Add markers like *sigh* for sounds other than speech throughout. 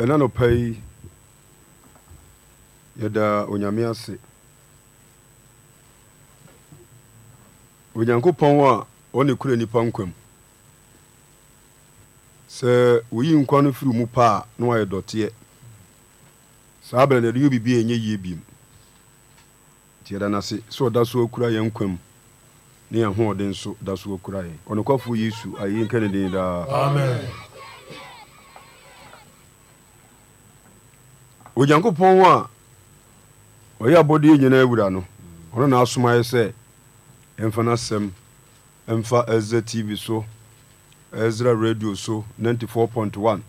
ɛna nɔpa yi yɛda onyame ase onyankopɔn a ɔne kura nipa nkwam sɛ woyi nkwa no firi mu pa a na wayɛ dɔteɛ saa bɛrɛ na yɛde yɛ biribi a ɛnyɛ yie bim nti yɛda n'ase sɛ ɔda so akura yɛn nkwam ne yɛn hoɔden so da so akura yɛn ɔnokwafoɔ yesu ayɛ nka den daa amen onyankopɔn a ɔyɛ abɔdeɛ nyinaa awura no mm. ɔno na asomayɛ sɛ ɛmfa no ɛmfa ɛzra tv so ɛzra radio so 94.1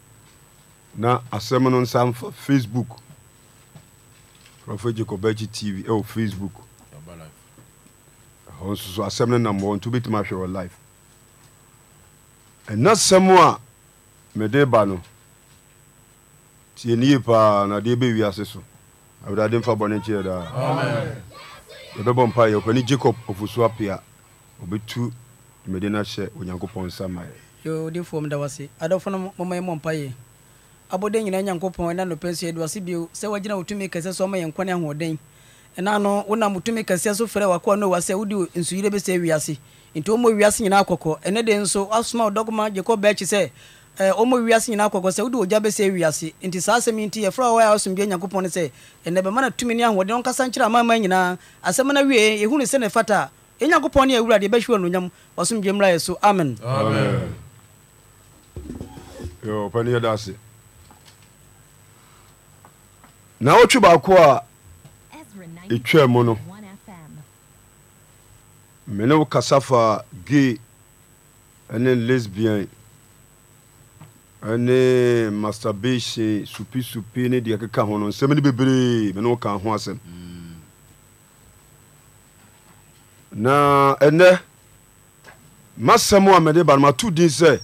na asɛm no nsa mfa facebook prɔfo jacobachi tv ɛwɔ facebook ɛhɔ nso so asɛm no nam wɔ nti wobɛtumi ahwɛ wɔ live ɛna sɛm a mede ba no tie nie paa na adeɛ bɛwi ase so awurade mfa bɔne nkyerɛ daa yɛbɛbɔ mpa yɛ ɔpani jacob ofusuo apea ɔbɛtu dwumadi no ahyɛ onyankopɔn nsa maɛ yodefoɔ m da wase adɔfo no moma yɛ mɔ mpayɛ abɔde nyinaa nyankopɔn ɛna nopɛ so yɛduase bio sɛ wagyina wo tumi kɛsɛ so ɔma yɛ nkwane ahoɔden ɛna no wonam wotumi kɛseɛ so frɛ wakoa no wasɛ wode nsuyire bɛsɛ wiase nti wɔmmɔ wiase nyinaa kɔkɔ ɛne de nso asoma wo dɔgoma gyekɔ bɛakyi sɛ ɔmɔ eh, wiase nyinaa kɔkɔ sɛ wode ogya bɛsɛ wiase nti saa asɛm yi nti yɛfrɛ wɔ a asomdwa nyankopɔn no sɛ ɛnɛ bɛma no tumi ne ahoɔden ɔnkasa nkyerɛ amama nyinaa asɛm no wie yɛhu ne sɛ ne fata a ɛnyankopɔn ne awurade yɛbɛhwe anonyam wasomdwa mmra yɛ so amen ɔpane na wotwe baako a ɛtwaa mu no mene wo kasa fa gay ɛne lesbian ne hmm. master base supisupi ne deɛ keka ho no nsɛm no bebree mene woka ho asɛm na ɛnɛ masɛm a mede ba no mato din sɛ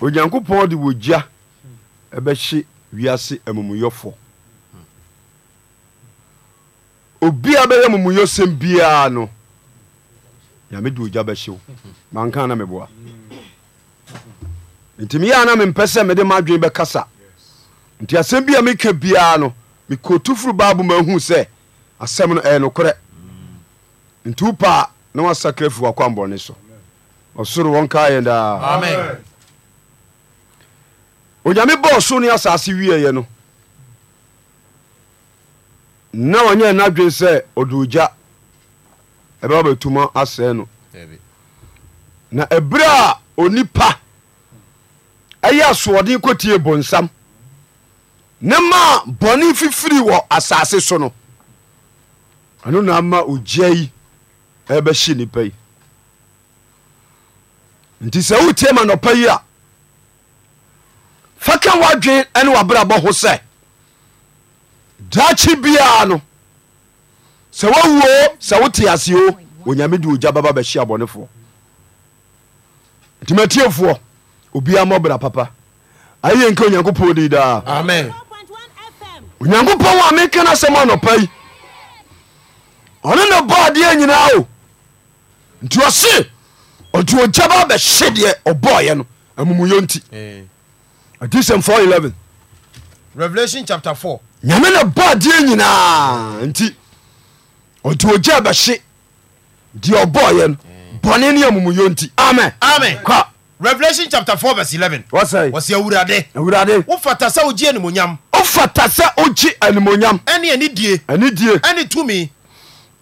onyankopɔn de wɔgya ɛbɛhye wiase amumuyɔfo obia bɛyɛ amumuyɔsɛm biara no nyame de ogya bɛhyew manka na meboa mm. nti meyɛ na mempɛ sɛ mede m'adwene bɛkasa nti asɛm bi a meka biara no mekɔtufuru bible mahu sɛ asɛm no ɛyɛ nokorɛ nti wo paa na wasakra fi wakwanbɔne so ɔsoro wɔnka yɛn daa onyame bɔɔ so ne asase wieɛ no na ɔnyɛ n'adwene sɛ ɔde ogya ɛbɛba bɛtuma asɛe no na ɛberɛ a onipa ɛyɛ asoɔden kɔtie bonsam ne maa bɔne fifiri wɔ asase so no ɛno naama ogya yi ɛbɛhye nnipa yi nti sɛ wotie ma nɔpa yi a fa ka woadwen ne wabrabɔ ho sɛ daakye biara no sɛ wowuo sɛ wote aseɛ onyame de ogya baba bɛhye abɔnefoɔ ntimatiefoɔ obiaa mɔbra papa ayɛ nka onyankopɔn di daa onyankopɔn wɔ a meka no asɛm anɔpa yi ɔne ne bɔ adeɛ nyinaa o nti ɔse ɔnti ɔgya ba bɛhye deɛ ɔbɔɔyɛ no amumuyɔ nti adisɛm 411 revelation chapter four. nyame ne bɔ adeɛ nyinaa nti ɔnti ɔgya bɛhye deɛ ɔbɔɔyɛ no bɔne ne amumuyɔ nti amen amen kɔ revelation chapter four verse eleven. wɔsɛ wɔsɛ awurade. awurade. wofata sɛ ogye animonyam. wofata sɛ ogye animonyam. ɛni ɛni die. ɛni die. ɛni tumi.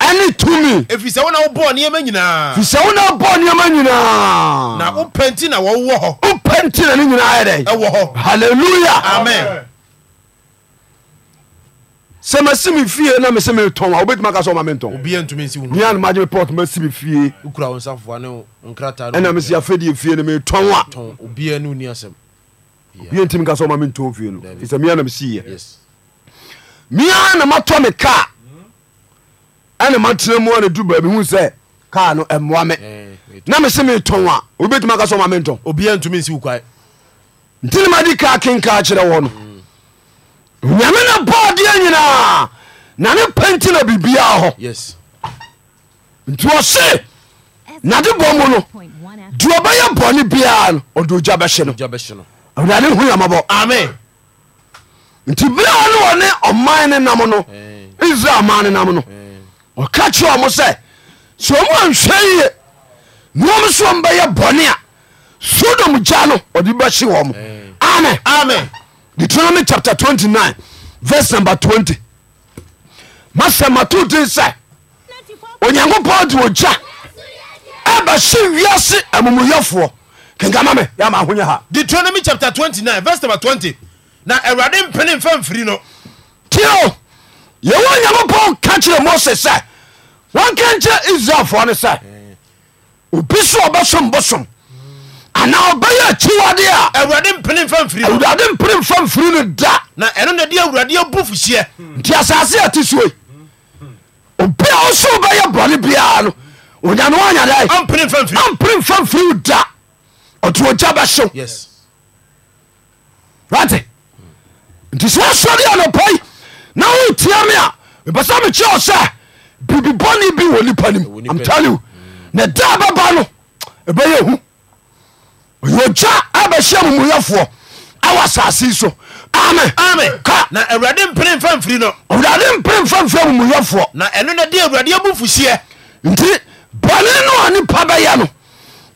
ɛne tumi ɛfiri sɛ wona wobɔɔ nneɛma nyinaa firi sɛ wona wobɔɔ nneɛma nyinaa na wopɛ nti na wɔwowɔ hɔ wopɛ nti na ne nyinaa yɛ dɛ ɛwɔ hɔ halleluya amen sɛ masi mi fie na mi mesɛ metɔn e a wobɛtumi ka sɛ ɔma mentɔnnea nomagye mepɔt masi me fie ɛna mesi afɛdie fie no metɔn a obia ntimi ka mi ɔma mentɔn fie no sɛ mea na mesiiɛ mea na ma matɔ me kaa e ma matena mu ana du baabi hu sɛ kaa no ɛmmoa e me eh, na mi mese metɔn a wobɛtumi ka sɛ ɔma mentɔn nti ne madi kaa kenka kyerɛ wɔ no nyame no bɔɔdeɛ nyinaa na ne pɛnti na biribiaa hɔ nti ɔse nade bɔ mu no de ɔbɛyɛ bɔne biara no ɔde ogya bɛhye no awurade hu yamabɔ amen nti bere a ne ɔne ɔman ne nam no israel ma ne nam no ɔka kyerɛ mo sɛ sɛ ɔmu anhwɛ yie na ɔm so ɔmbɛyɛ bɔne a sodom gya no ɔde bɛhye wɔ mo amen amen tditrnomi cha 29 20 masɛ matuot sɛ onyankopɔn de ɔgya ɛbɛse wiase amumuuyafoɔ enkamaoya0 yɛwɔ onyankopɔn ka kyerɛ mose sɛ wakankyeɛ israelfoa ne sɛ obisɛɔbɛsomboso na ɔbɛyɛ akyiwade a awurade mpene mfa mfiri no. awurade mpere mfa mfiri no da na ɛno na de awurade abu fuhyeɛ nti asase a ɛte soe obi a ɔso bɛyɛ bɔne biara no onyame wanyadae ampene mfa mfiri ampere mfa mfiri wo da ɔte ogya bɛhyew yes right nti sɛ wasɔre anɔpai na wotia me a mepɛ sɛ mekyerɛ wo sɛ biribi bɔne bi wɔ nipa no mu am telling you na da bɛba no ɛbɛyɛ hu yogya abɛhyia mumuyɛfoɔ awa asase so na awurade mpere mfa mfiri no wrade mpere mfamfiri amumuyɛfoɔ na ɛno na di awurade abufuhyeɛ nti bɔne no a nipa bɛyɛ no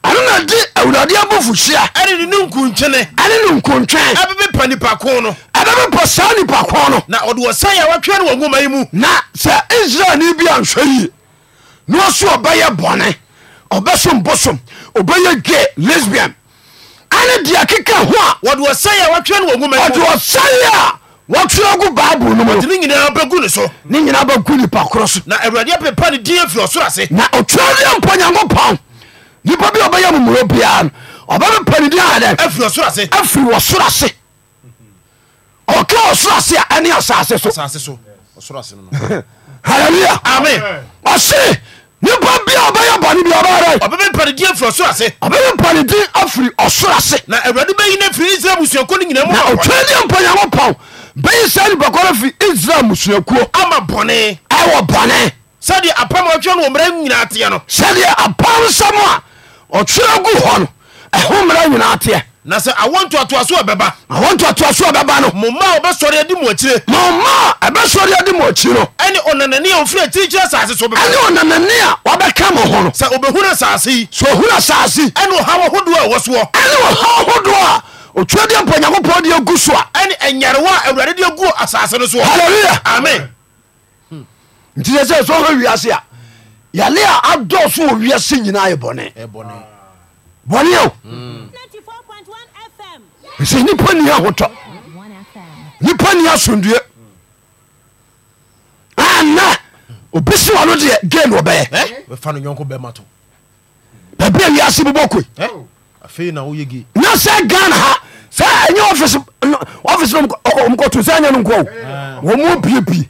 ɛno na di awurade abofuhyia ɛne ne no nkunkyene ɛne no nkontwɛn ɛbɛbɛpa nipa ko no ɛbɛbɛpɔ saa nipa ko no na ɔde ɔsan a wɔatwɛ no wɔ nwoma yi mu na sɛ israelni bi anhwɛ yie na ɔso ɔbɛyɛ bɔne ɔbɛsom bosom ɔbɛyɛ ge lesbian ane deɛ keka ho a wɔde ɔsɛe a wɔtwerɛ no wɔ nwoma ɔde ɔsɛe a wɔtwerɛ gu bible no mu no, ne nyinaa bɛgu ne so ne nyinaa bɛgu nipa korɔ so na awurade apepa ne din afiri ɔsoro ase na ɔtwerɛ deɛ mpa nyankopɔn nipa bi a ɔbɛyɛ mumuro biara no ɔbɛmepa ne din adɛ afiri ɔsoro ase afiri wɔ soro ase ɔka ɔsoro ase a ɛne asase so asase so ɔsoro ase no no *laughs* halleluya amen ɔse nipa bia ɔbɛyɛ bɔne bia ɔbɛyɛ ɔbɛbɛ panedi afiri ɔsoro ase ɔbɛyɛ panedi afiri ɔsoro ase na awurade bɛyi no afiri israel abusuakuo no nyina mu na ɔtwa ne mpanyankopɔn bɛyi saa nipakɔre fi israel musuakuo ama bɔne ɛwɔ bɔne sɛdeɛ apam a ɔtwerɛ no wɔ mmara nyinaa teɛ no sɛdeɛ apam nsɛm a ɔtwerɛ gu hɔ no ɛho mmara nyinaa teɛ na sɛ awo ntoatoaso a bɛba àwọn ntoatoaso a bɛba no mo mma a wɔbɛsɔre adi mo akyire mɔma a ɛbɛsɔre ade mɔ akyi no ɛne ɔnanani a ɔfiri akyirikyiri asase so bɛba ɛne ɔnanani a wɔbɛka mo ho no sɛ obɛhunu asase yi sɛ ohunu asase ɛne ɔhaw ahodoɔ a ɛwɔ soɔ ɛne ɔhaw hodoɔ a otwadeɛ mpa onyankopɔn de agu so a ɛne ɛnyarewa a awurade de agu asase no soɔ halleluya amen hmm. nti sɛ sɛ sɛ ɔhɛ wiase a yale a adɔɔso wɔ wiase nyinaa yɛ bɔne bɔne o hmm ɛsɛ nipa nni ahotɔ nipa nni asomdue ana obi si wa no deɛ gay na ɔbɛyɛ baabi a wiase bobɔ koe na sɛ ghana ha sɛ ɛnyɛ office office ɔmkɔto sɛ ɛnyɛ no nkɔ o wɔn mu biebie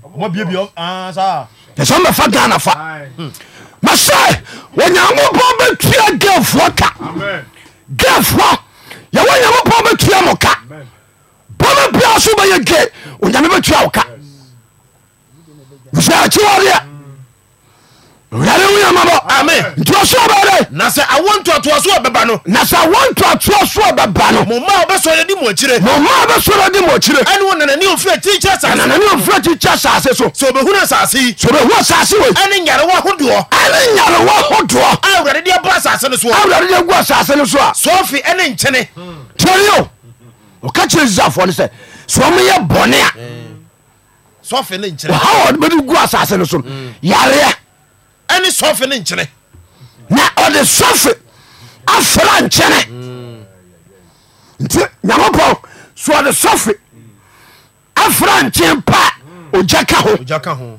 ɛsɛ ɔmɛfa ghana fa mɛsɛ wɔnyankopɔn bɛtua gafoɔ ka gafoɔ yɛwo nyamopo bɛtua mo ka bo ba piaa so bɛyɛ ke onyame bɛtua wo ka saakyewodeɛ ntisoobɛde na sɛ awo ntoatoa so bɛba no na sɛ awo ntoatoa so bɛba no moma wobɛsɔre de mɔkyire moma wobɛsɔre de mɔkyire ɛne wo nanane ofiri akyirikyɛ asase nanane ofiri akyirikyɛ asase so sɛ obɛhunu asase yi sɛ obɛhu asase wei ɛne nyarewa ahodoɔ ɛne nyarewa ahodoɔ a awurade de abu asase no so a awurade de agu asase no so a sɔfi ɛne nkyene tiɛreo ɔka kyerɛ sisafoɔ no sɛ sɛ ɔmeyɛ bɔne a sɔfi ne nkyene ɔha wɔde bɛde gu asase no so no yareɛ ɛne sɔfe mm. no nkyene na ɔde sɔfe afra nkyene nti nyankopɔn so ɔde sɔfe afra nkyen pa ogya ka ho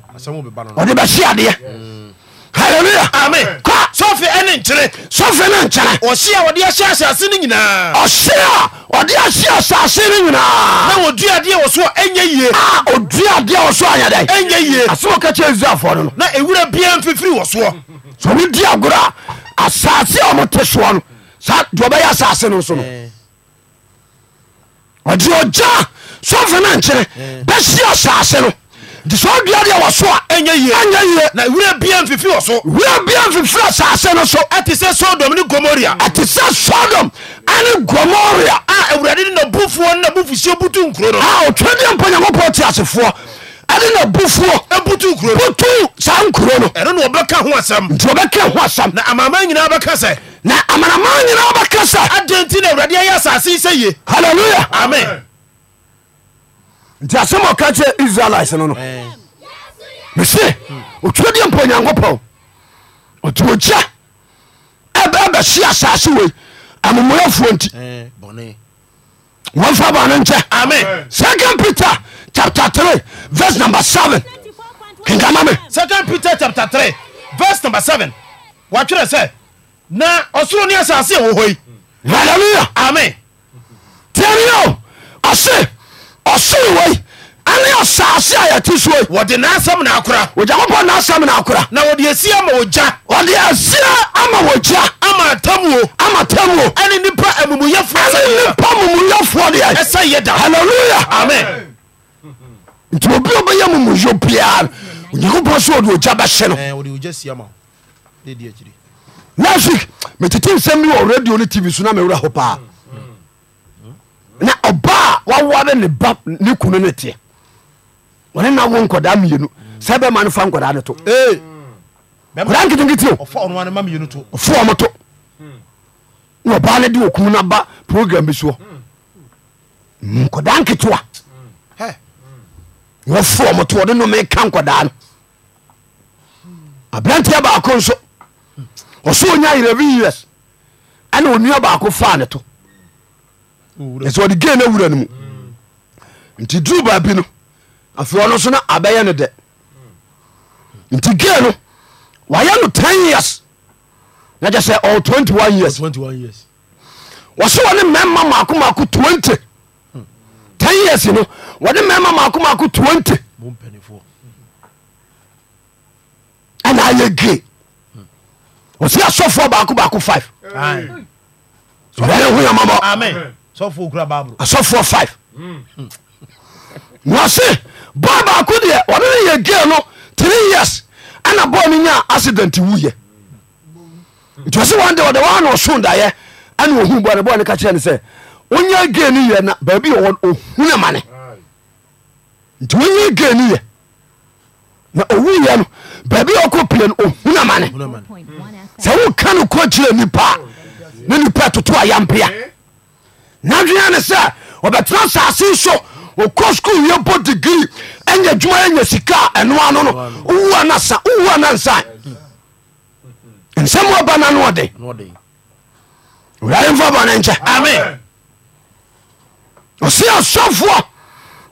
ɔde bɛhye adeɛ mm halleluya amen kɔ sɔfe ɛne nkyere sɔfe ne nkyere ɔhye a wɔde ahyɛ asase no nyinaa ɔhye a wɔde ahyɛ asase no nyinaa na di adeɛ wɔ so a ɛnyɛ yie a ɔdua adeɛ wɔ so anyɛ dɛn ɛnyɛ yie asɛ wɔka kyerɛ israelfoɔ no no na ɛwura biara mfifiri wɔ soɔ sɛ ɔmo di agorɔ a asase a ɔmo te soɔ no saa deɛ ɔbɛyɛ asase no so no ɔde ɔgya sɔfe no no nti sɛ odua deɛ wɔ so a ɛnyɛ yie ɛnyɛ yie na wura bia mfifi wɔ so wura bia mfifi asase no so ɛte sɛ sodom ne gomoria ɛte sɛ sodom ane gomoria a awurade ne nabufoɔ ne nabufusie butu nkuro no a ɔtwerɛ deɛ mpa nyankopɔn te asefoɔ ɛne na bufuo ɛbutu nkuro no butu saa nkuro no ɛno na wɔbɛka ho asɛm nti wɔbɛka ho asɛm na amanaman nyinaa bɛka sɛ na amanaman nyinaa bɛka sɛ adɛn nti na awurade ayɛ asase yi sɛ ye halleluya amen nti asɛm ɔka kyerɛ israelites no no mese otwuro deɛ mpa onyankopɔn ɔti ogya ɛbɛhye asase wei amomoyafoɔ nti wɔmfa bɔne nkyɛ second peter chapter 3 verse number 7 kenkama me second peter chapter 3 verse number 7 wɔatwerɛ sɛ na ɔsoro ne asase a wɔ hɔ yi halleluya amen tianeo ɔse ɔsoro wei ane asase a yɛte soe wɔde n'asɛm na akora n'asɛm na na wɔde asi ama ogya ɔde asia ama wɔgya ama atamuo ama tamuo ɛne nipa amumuyɛfoɔ ane nipa mumuyɛfoɔ deɛ ɛsɛ yɛ da halleluya amen nti obi a ɔbɛyɛ mumuyo biara onyankopɔn sɛ ɔde ogya bɛhye no last week metete nsɛm bi wɔ radio ne tv so na mewura hɔ paa mm na ɔba a ne ba ne kunu no teɛ ɔne na wo nkɔdaa mmienu sɛ bɛma no fa nkɔdaa no to kɔdaa nketenkete ɔfoɔ mo to na ɔba no de ɔkum no ba program bi soɔ nkɔdaa nketewa wɔfoɔ mo to ɔde nome ka nkɔdaa no aberanteɛ baako nso ɔsɛ onya yerɛ bi us ɛna onua baako faa ne to ɛsɛ ɔde ge no awura no mu nti duru baabi no afei ɔno so no abɛyɛ no dɛ nti ge no wayɛ no 10 years na kyɛ sɛ ɔwɔ 21 years wɔse wɔne mɛma maako maako 20 10 years no wɔde mɛma maako maako 20 ɛna ayɛ ge ɔsi asɔfoɔ baako baako 5 ɔbɛyɛ ho yamabɔ asɔfoɔ 5 wase bɔɔ baako deɛ ɔne ne yɛ gee no 3 years ana bɔɔ no nyaa accident wuyɛ nti ɔse wan de ɔde waana ɔso daeɛ ane ɔhu bɔɔ ne bɔɔ ne ka kyerɛ ne sɛ wonya gee no yɛ na baabi ɔwɔ ɔhune ma ne nti wonya gee no yɛ na owuyɛ no baabi ɔkɔ pie no ɔhune ma ne sɛ woka no kɔ kyerɛ nipa ne nipa toto ayampea nadwea ne sɛ wɔbɛtena asase so wɔkɔ skul yɛ bɔ degree ɛnyɛ adwuma ɛnyɛ sika ɛnoa no no wowua no sa wowua no nsa nsɛm wɔba no no ɔde wurayɛmfa bɔne nkyɛ amen ɔse asɔfoɔ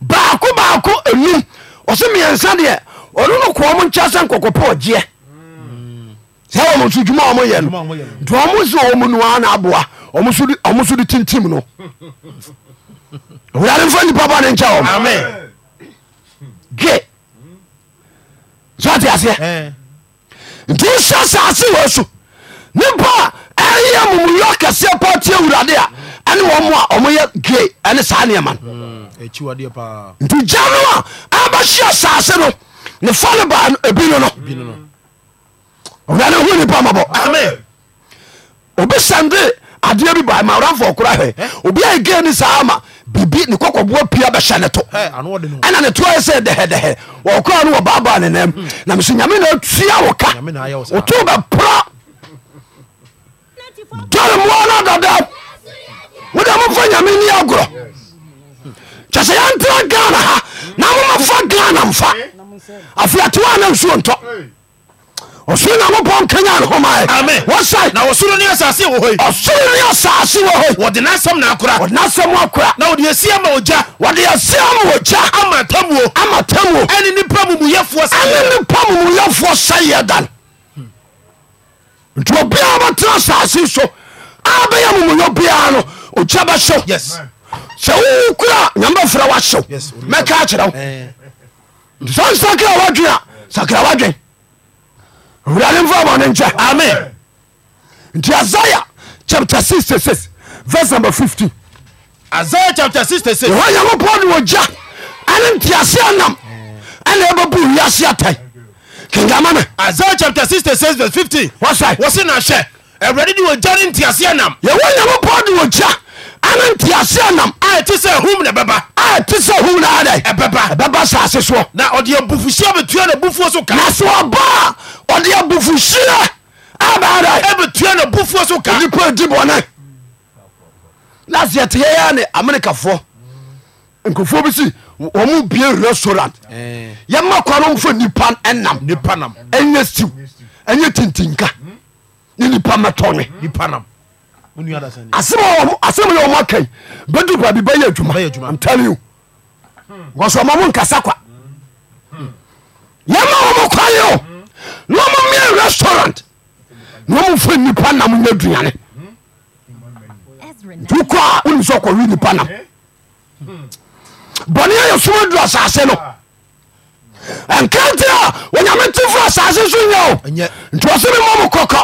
baako baako enum ɔse mmiɛnsa deɛ ɔno no kɔɔ mo nkyɛ sɛ nkɔkɔpɛ ɔgyeɛ sɛ wɔmo so dwuma ɔmo yɛ no nti ɔmo sɛ ɔmo nuaa na aboa ɔmo so de tintim no owurade mfa nipa ba ne nkyɛ ɔm gye sɛ ɔte aseɛ nti wohyɛ saase wɔ so nipa a ɛyɛ mumuyɔ kɛseɛ pa tie awurade a ɛne wɔn a ɔmoyɛ gye ɛne saa nneɛma no hmm. nti gya no a ɛbɛhyɛ saase no ne no baa ebi no no owurade hu nipa mɔbɔ obi sande adeɛ bi ba ma ɔranfo ɔkora hɛ obi a ege ni saa ma bibi ne kɔkɔboa pia bɛhyɛ ne to ɛna ne toa sɛ dɛhɛdɛhɛ wɔkora no wɔ baabaa ne nam hmm. na meso nyame na atua wo ka woto bɛpra dɔre mmoa no adada wode mofa nyame ni agorɔ kyɛ sɛ yɛntera ghana ha na momafa ghana mfa afei atewa na nsuo ntɔ ɔsoro nyankopɔn kanya nhoma wɔsae na ɔsoro ne asase wɔ hɔ ɔsoro ne asase wɔ hɔ wɔde n'asɛm na akora wɔde n'asɛm akora na wɔde asi ama ogya wɔde asi ama ogya ama tamuo ama tamuo ɛne nipa mumuyɛfoɔ sɛyɛ ɛne nipa mumuyɛfoɔ sɛyɛ dan nti obiara bɛtena asase so a bɛyɛ mumuyɔ biara no ogya bɛhyew sɛ wowu kora nyame bɛfrɛ woahyew mɛka kyerɛ wo eh. nti sɛ nsakra wadwen a sakra wadwen wurade mfa bɔne nkyɛ amen nti isaiah chapter 66 verse number 50 isaiah chapter 66 ɛhɔ nyankopɔn ne wɔgya ane nteaseɛ nam ɛne ɛbɛbu wiase atae kenkama me isaiah chapter 66 verse 50 wɔsɛ wɔse na hwɛ awurade de wɔgya ne nteaseɛ nam yɛwɔ nyankopɔn de wɔgya ane ntease nam ɛte sɛ hum ne bɛba ɛte sɛ hum naadɛ ɛbɛba ɛbɛba saase soɔ na ɔde abufuhyia bɛtua na bufuo so ka na so ɔba ɔde abufuhyia abɛadɛ ɛbɛtua na bufuo so ka nipa di bɔne last yɛ teyɛ yɛ ne amerikafoɔ nkurɔfoɔ bi si wɔn mu bie restaurant yɛma kwan no nipa ɛnam nipa nam ɛnyɛ siw ɛnyɛ tintinka ne nipa mɛtɔ nipa nam asɛm yɛ ɔmo akai bɛdu baabi bɛyɛ adwuma I'm telling you because ɔmo mo nkasa kwa yɛma ɔmo kwan yɛ o na ɔmo mia restaurant na ɔmo fɛ nipa nam nyɛ aduane nti kɔ a wonim sɛ ɔkɔwe nipa nam bɔne ayɛ soma du asase no ɛnkante a onyame te fo asase so nyɛ nti ɔsɛ me mo kɔkɔ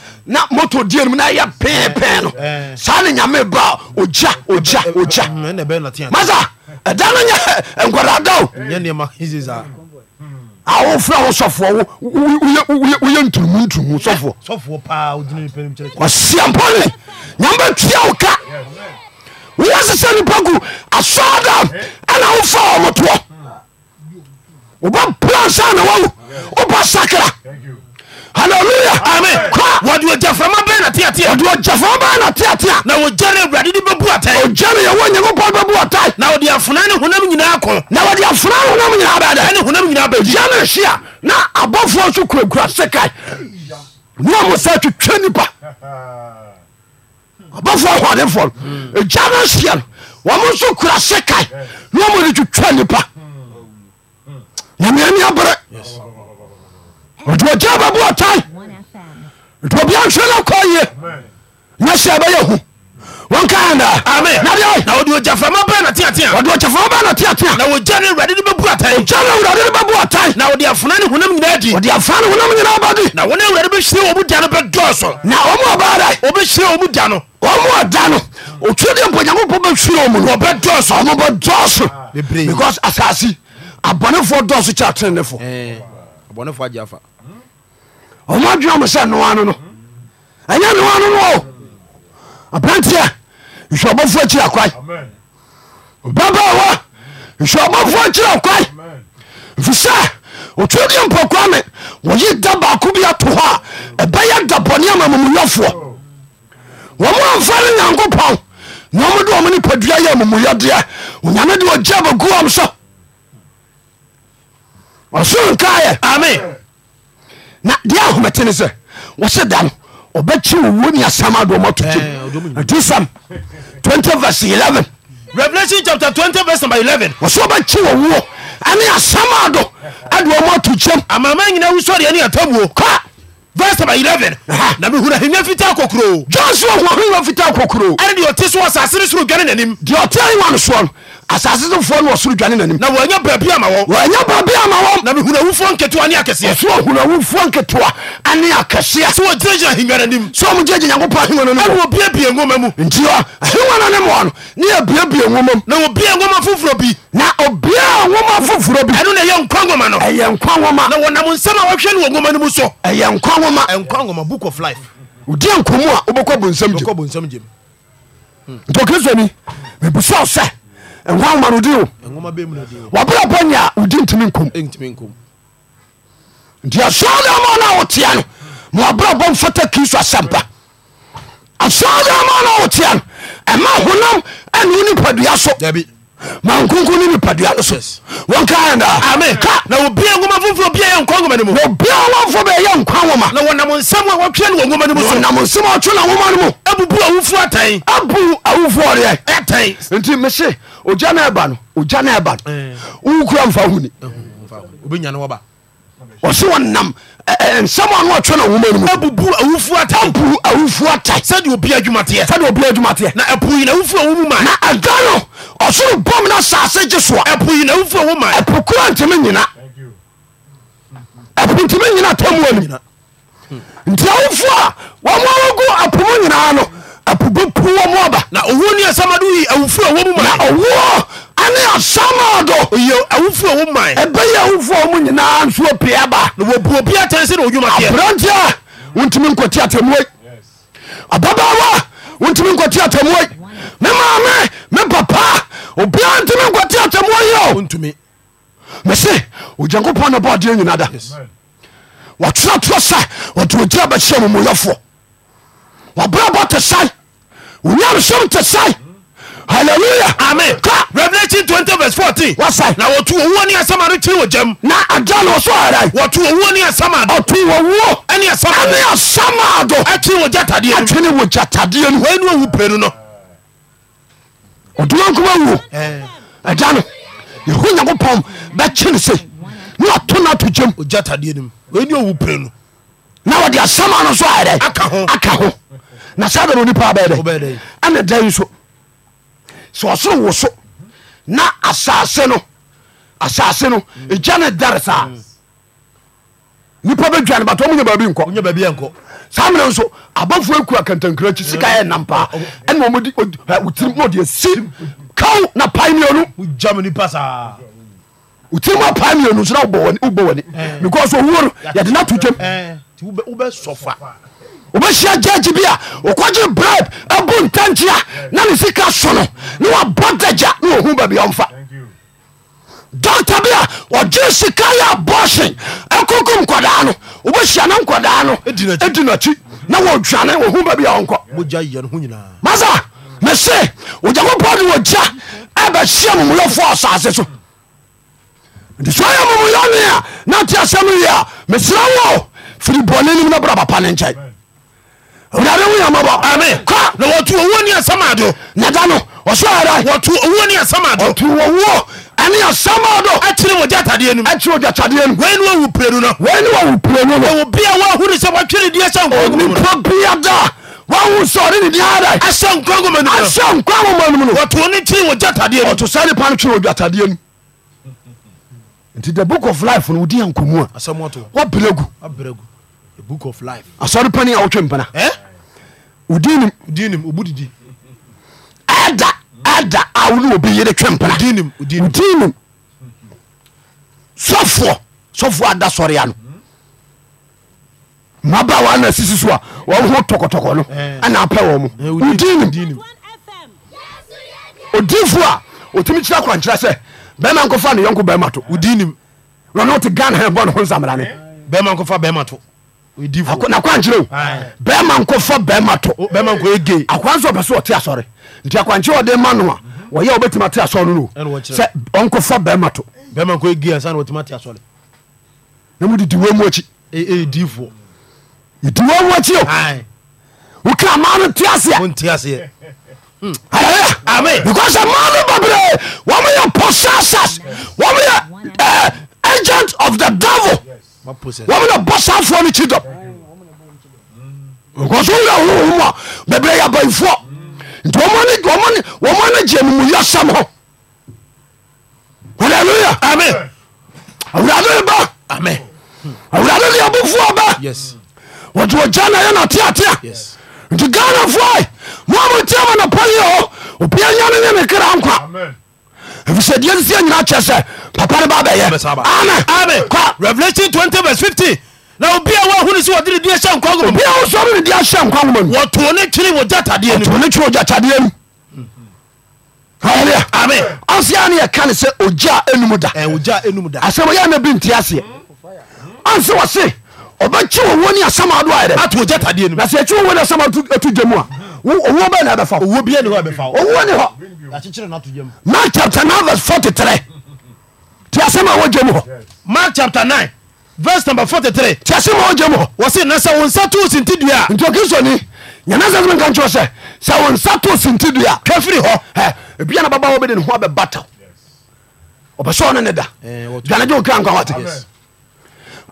na moto die nom na ɛyɛ pɛpɛn no eh, eh. saa ne nyame ba ogya ogya eh, ogya masa ɛda no nyɛ nkwadada o awofra ah. wo sɔfoɔ woyɛ nturumu nturumu sɔfoɔ ɔsiampɔ ne nyame tua wo ka woyɛ sesɛ nipa gu asɔdam ɛna wofa wɔ motoɔ wobɔ plan sa na wawo wobɔ sakra hallelujah amen wɔde ogyaframa bɛn na teatea wɔde ogyaframa bɛn na teatea na wɔgya ne awurade de bɛbu atae ogya ne yɛwɔ nyankopɔn bɛbu atae na wɔde afona ne honam nyinaa ko na wɔde afona ne honam nyinaa bɛda ɛne honam nyinaa bɛdi ya ne hye a na abɔfoɔ nso kurakura sekae ne ɔmo sɛ twetwa nnipa abɔfoɔ ahoɔdenfoɔ no ogya hmm. no hyeɛ no wɔmo nso kura sekae ne ɔmo de twetwa nnipa hmm. hmm. yameane nti ɔgya bɛboa tae nti obia nhwɛ no kɔ ye na hyɛ bɛyɛ hu wɔnkaandaɔdeɔgyaframa bɛ na teatea na wɔgya ne awurade no bɛbu atae gya ne awurade no bɛbu atae na wɔde afona ne honam nyinaa di wɔde afona ne honam nyinaa bɛde na wɔne awurade bɛhyire wɔ mu da no bɛdɔɔso na ɔmo ɔbaada wɔbɛhyire wɔ mu da no ɔmo ɔda no otwedeɛ mpo nyankopɔn bɛhyire wɔ mu no ɔbɛdɔɔso ɔmo bɛdɔɔso because asase abɔnefoɔ dɔɔso kyɛ atenenefo abɔnefoɔ agye afa ɔmo adwuma mo sɛ noa no no ɛnyɛ noa no no o aberanteɛ nhwɛ ɔbɔfoɔ akyiri akwae babaawa nhwɛ ɔbɔfoɔ akyiri akwae fisɛ otwodiɛ mpɔkwa me wɔyi da baako bi ato hɔ a ɛbɛyɛ da bɔne ama mamuyɛfoɔ wɔmo amfa no nyankopɔn na ɔmode ɔmo nipadua yɛ amumuyɛdeɛ onyame de ɔgya baguam so ɔsoro nkaɛ ame na deɛ ahomete ne sɛ wɔse da no ɔbɛkye wowo ni asɛm adoɔmɔto adusam 20 vs 11 revelation chapter 20 verse number 11 wɔsɛ wɔbɛkye wɔwoɔ ane asɛm ado adoɔmɔto kyam amama nyina wusɔreɛ ne atamuo ka verse number 11 na mehunu ahennwa fitaa kɔkuroo john so ɔhu ahennwa fitaa kɔkuroo ɛne deɛ ɔte so wɔ asase no soro dwane n'anim deɛ ɔte ahennwa no soɔ no asase sofoɔ no ɔsoro dwane nanim na wɔanya baabi ama wɔ wɔanya baabi ama wɔ na mehunawufoɔ nketewa ne akɛseɛ ɔsoro hunawufoɔ nketewa ane akɛseɛ sɛ wɔgyinagyina ahengua no anim sɛ ɔmogyagye nyankopɔn ahengua no anim ɛne wɔbiabia nwoma mu nti hɔ ahengua no ne mmoa no ne yɛbiabia nwoma mu na wɔbia nwoma foforɔ bi na ɔbia nwoma foforɔ bi ɛno na ɛyɛ nkwa nwoma no ɛyɛ nkwa nwoma na wɔnam nsɛm a wɔhwɛ no wɔ nwoma no mu so ɛyɛ nkwa nwoma nkwa nwoma book of life wodi nkomu a wobɛkɔ bonsam gyem nti ɔkristoni mebusa wo sɛ ɛho awoma no odi o wabrɛ bɔ nyɛ a odi ntimi nkom nti asɔɔdama no a wotea no ma wabrɛ bɔ mfata kristo asɛmpa asɔɔdama no a wotea no ɛma honam ɛne wo nipadua so mankonko ne nipadua no so wɔnkaɛnaa na obia nwoma foforɔ bia yɛ nkwa nwoma no mu obia wafo bɛyɛ nkwa nwoma na wɔnam nsɛm a wɔtwerɛ no wɔ nwoma no mu so nam nsɛm a ɔtwerɛ no nwoma no mu abubu awufoɔ atɛn abu awufoɔ deɛ ɛtɛn nti mese ogya no ba no ogya no ɛba no eh. wokura mfa huni eh, obɛnya no wɔba ɔsɛ wɔnam nsɛm a no ɔtwerɛ no nwoma no mu abubu awufoɔ atɛn abu awufoɔ atɛn sɛdeɛ obia adwuma teɛ sɛdeɛ obia adwuma teɛ na ɛpo yina awufoɔ wo mu ma na ɛda no osoro bomne sase ke saapoin wu poa ntm nynat ynn pm yn ps ane asamdyn obia ntimi nkɔte atɛmɔyɛ mese onyankopɔn na bɔdeɛ nyina da wɔtwerɛtorɔ sɛ ɔde ogya bɛhyɛ mumuyɛfoɔ wɔbrɛbɔ te sae onyamsom te sae hallelujah amen ka revelation twenty verse fourteen wasa na wotu owuo ni asama de kyerɛ ogyam na ada na ɔsɔ ara yi wotu owuo ni asama do ɔtu owuo ɛni asama do ɛni asama do ɛkyerɛ ogya tadeɛ ɛkyerɛ ogya tadeɛ no wɔn enu owu pere no no ɔdoma nkoma wuo ɛda no yɛho nyankopɔn bɛkye no se ne ɔto no ato gyam na wɔde asɛma no so ayɛdɛ aka ho na saa bɛ no onipa bɛɛdɛ ɛna da yi so sɛ ɔsoro wo so na asase no asase no ɛgya ne dare saa mm. nipa bɛdwane batɔ munya baabi nkɔ saa mene nso abɔfoɔ aku akantankura kyi sika yɛ nam paa ɛne ɔmtirim na ɔde asi kaw na pae mmienu wotirim a pae mmienu nso na wobɔ w'ani because owuo no yɛde no to gyam wobɛhyia gyagye bi a ɔkɔgye bribe abu ntankyi a na ne sika so no ni wabɔ dagya na ɔhu baabi ɔmfa dɔkta bi a ɔgye sika yɛ abɔsen ɛkoko nkɔdaa no wobɛhyia ne nkɔdaa no ɛdi n'akyi na wɔdwane wɔho ba bi a ɔnkɔ masa mese onyankopɔn de wɔgya ɛbɛhyia mumuyɔfoɔ asase so nti so yɛ mumuyɔ ne a na te asɛm yi a mesra wɔ firi bɔne nim na bra papa ne nkyɛn awurade wo yamabɔ ame kɔ na wɔto owuo ne asɛm ado na da no ɔsɛ ara wɔto owuo ne asɛm ado ɔto owuo ɛne asama do akyere wɔ gyatadeɛ nom akyere wɔ gyatadeɛ nom wei ne wawu pirenu no wei ne wawu pirenu no ɛwɔ bia woahunu sɛ wɔtwere deɛ sɛ nkonipa bia da wahu sɔre ne deɛ ada asɛ nkwa ngoma nom asɛ nkwa ngoma nom no wɔto ne kyere wɔ gyatadeɛ nom ɔto saa nipa no kyere wɔ gyatadeɛ nom nti the book of life no wodi yɛ nkɔmu a wabrɛ gu asɔre pani a wotwe mpana eh? wodinnim ɛda ada awo ne obi yere twɛ mpra dinim sɔfoɔ sɔfoɔ ada sɔre ano maba wa na sisi so a wɔn ho tɔkɔtɔkɔ no eh. ɛna apɛ wɔn mo eh, dinim odinfo a otumi kyerɛ akɔnkyerɛ sɛ bɛrima nkɔfa ne yɔnko bɛrima to dinim wɔn n'o ti gan hɛn bɔ ne ho nsamra ne bɛrima nkɔfa bɛrima to nakwankyerɛ bɛma nkɔfa bɛma to akwa nso ɔpɛ so ɔte asɔre nti akwankyerɛ ɔde ma no a wɔyɛ wobɛtumi ate asɔre no sɛ ɔnkɔfa bɛma to na mudedi wa mu akyi ɛdiwa e, e, mu akyi o woka ma no te aseɛ hmm. because ma no babree wɔmyɛ possessors wɔmyɛ eh, agent of the devil wamene bosa fuo ne ki do swerm bebryabo fuo nwomone ji numu ye sam alelua amn wrb wr l bo fuw ba o janena tiatia inte gane fu m tiemne poyo obie yan ene kerenka efise dieisie yena tese papa ne ba bɛyɛ revelation 20 vs 50 na obi a wahunu sɛ wɔde ne deɛ hyɛ nkwa ngoma bia wosɔre ne deɛ hyɛ nkwa ngoma mu wɔtoo ne kyere wɔ gyatadeɛ no ne kyere wɔ gyatadeɛ mu hallelujah amen ɔsia ne yɛka ne sɛ ogya enum da ogya enum da asɛm yɛ na bi nti aseɛ ɔnso wɔ se ɔbɛkyi wɔ wɔn ni asɛm ado ayɛ dɛ ato ogya tadeɛ nu na sɛ ekyi wɔ wɔn ni asɛm ado etu gya mu a owó bɛyɛ na ɛbɛfa owó bia ni hɔ ɛbɛfa owó ni hɔ na chapter nine verse forty three. ma wɔgya mu hɔ mark chapter 9 verse number 43 nti ase ma wɔgya mu hɔ wɔse na sɛ wo nsa too sentidua a nti ɔkristoni nyame sɛ sɛme nka nkyerɛ sɛ sɛ wo nsa too sentidua a twa firi hɔ ebia na baba wɔbɛde ne ho abɛbataw ɔbɛsɛ ɔne ne da dwanegye wo kra nkwa wate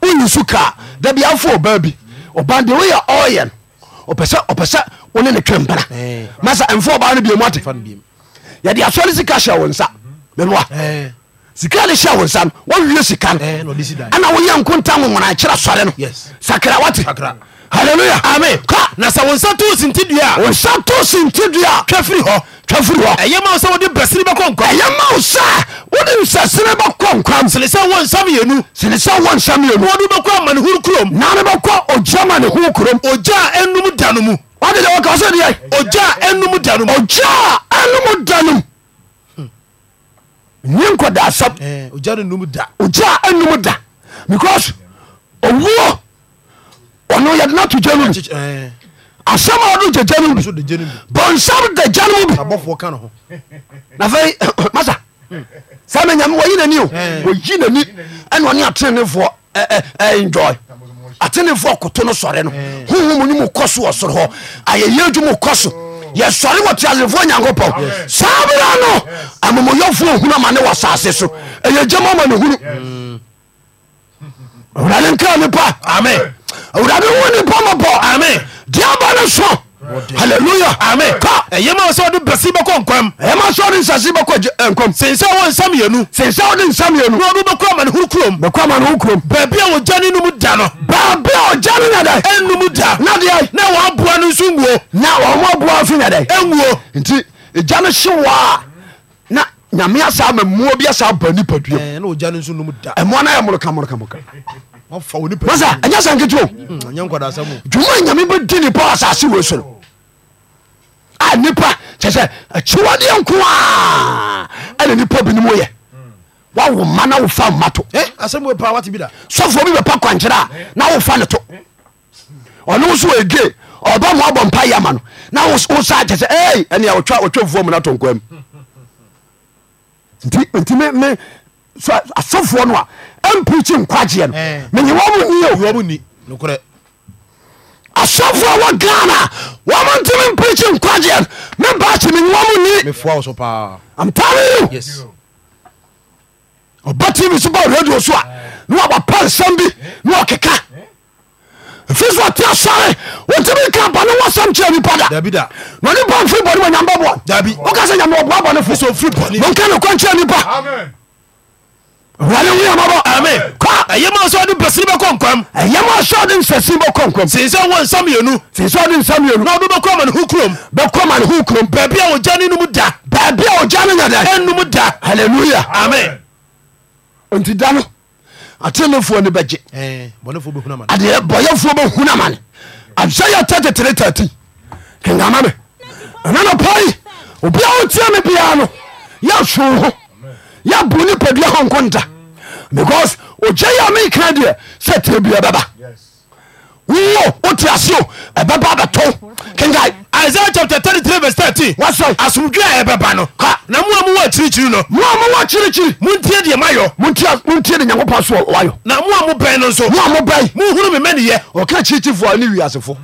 woyi so kaa da biafo ɔbaa bi ɔba deɛ woyɛ ɔyɛ no ɔpɛsɛ ɔpɛsɛ wo ne ne twe mpana masa ɛmfa ɔbaa no biamu ate yɛde asɔre sika hyɛ wo nsa menoa sika ne hyɛ wo nsa no wowie sika no ana eh, woyɛ nko nta womana kyerɛ sɔre no sakra wate halleluya amen ka na sɛ wo nsa too sinte dua a wo nsa too sinte dua a hɔ twa hɔ ɛyɛ ma wo sɛ wode bɛsere bɛkɔ nkwa ɛyɛ ma wo sɛ wode nsɛsere bɛkɔ nkwa sene sɛ wɔ nsa mmienu sene sɛ wɔ nsa mmienu wɔde bɛkɔ amanehuru kurom na ne bɛkɔ ogya manehuru kurom ogya a ɛnum da no mu wade dɛ wɔka sɛ deɛ ogya a ɛnum da no mu ogya nye nkɔ da asɛm ogya anum da because owuo ɔno yɛde no to gya no mu asɛm a ɔdo gyagya no mu bɔnsam da gya no bi na afei *coughs* masa saa na nyame wɔyi n'ani o wɔyi n'ani ɛna ɔne atenenefoɔ enjoy atenefoɔ koto no sɔre no honhom ne mu kɔ so wɔ soro hɔ ayɛyɛ adwuma kɔ so yɛsɔre wɔ teaserɛfo nyankopɔ saa bra no amamoyɔfo ohunu amane wɔ sase so ɛyɛgyama ma ne hunu awrade nka nepa ae wrade hone pomɔpo ame deɛbɔno so Hallelujah, amen ka ɛyɛ ma sɛ ɔde bɛsi bɛkɔ nkwam ɛyɛ ma sɛ ɔde nsase bɛkɔ nkwam sensɛ wɔ nsam yɛnu sensɛ wode nsam yɛnu na ɔde bɛkɔ amanehoro kurom bɛkɔ amanehoro kurom baabi a wɔgya ne nom da no baabi a ɔgya no nyada ɛnum da na deɛ na wɔaboa no nso nwuo na wɔmɔ aboa fi nyada ɛnwuo nti ɛgya no hye wɔ a na nyame asa ma mmuo bi asa ba nipaduam ɛmoa no yɛ morokamorokamoka wasa ɛnyɛ sa nketeo dwuma nyame bɛdi nipa asase wɔ so no a nipa kyɛ sɛ akyiwadeɛ nko a ɛne nipa binom yɛ wawo ma na wofa mma to eh, sɔfoɔ bi bɛpa kwankyerɛ a na wofa ne to ɔno so ɛge ɔba mo abɔ mpa yɛma no na wosa kyɛ sɛ ɛnea ɔtwafuɔ mu no atɔnkwa mu nti asɔfoɔ no a ɛmpirikyi nkwagyeɛ no eh. menye wɔ mo ni o asɔfoɔ wɔ ghana wɔmo ntimi mprikyi nkwagyeɛ mebakye menwɔmo ni am telling you ɔba tv so ba radio so a ne wabapa nsɛm bi ne ɔkeka ɛfiri so ɔte asɔre wɔntimi ka bɔne wɔsɛm kyerɛ nipa da na ɔne bɔ mfiri bɔne ma nyambɔboa woka sɛ nyame ɔboa bɔne fo monka ne kɔnkyerɛ nipa walewyamabɔ ame kɔ ɛyɛ ma sɛ ɔde mpɛsini bɛkɔ nkwam ɛyɛ ma sɛ ɔde nsɛsini bɛkɔ nkwam sin sɛ wɔ nsam yɛnu sin sɛ ɔde nsam yɛnu na ɔde bɛkɔ ma ne ho kurom bɛkɔ ma ne ho kurom baabi a ɔgya ne da baabi a ɔgya ne nyada ɛnum da hallelujah amen nti da no atenefoɔ ne bɛgye adeɛ bɔyɛfoɔ bɛhunu ama ne isaiah thirty three thirteen kenkama me Nana na pɔi obiara wotia me biara no yɛ asoo ho yɛbo ne padua ho nko nta because ogya yɛ mekra deɛ sɛ tire bia bɛba wo wote aseo ɛbɛba e bɛto kenkae isaia chapter 33 verse 13 wasɛ asomdwe a ɛbɛba no na amuwa mowɔ akyirikyiri no moa mowɔ akyirikyiri montie deɛ mayɔ montie de nyankopɔn so wayɔ na moa Mu bɛn no nso moa mo bɛn mohunu me mɛneyɛ ɔka kyirikyirifoɔ ne wiasefo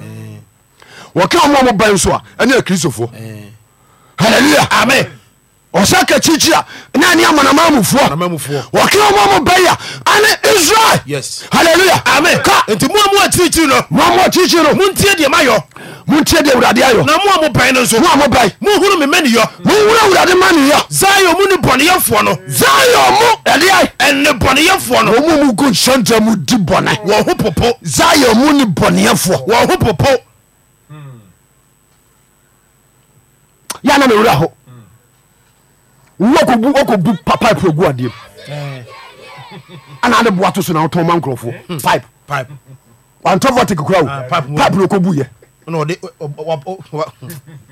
wɔka moa mo bɛn so a ɛne akristofoɔ Hallelujah. amen ɔsɛ ka kyikyi na ne ane amanamamufoɔ wɔke ɔma mo bɛya ane israel halleluya amen ka nti mo a mo akyirikyiri no mo a mo akyirikyiri no montie deɛ mayɔ montie deɛ awurade ayɔ na mo a mo bɛn no nso mo a mo bɛn mohunu me maniyɔ mohunu awurade ma neyɔ zayo mu ne bɔneyɛfoɔ no zayo mu ɛdeɛ ɛne bɔneyɛfoɔ no ɔmu mu gu nhyɛnta mu di bɔne wɔ ho popo zayo mu ne bɔneyɛfoɔ wɔ ho popo yɛna mewura ho wokɔbu wokɔbu pipe ogu eh. adeɛ mu ana ade boato so na wotɔn ma nkurɔfoɔ hmm. pipe pipe wantɔ vɔtik kura o ah, pipe na okɔbu yɛ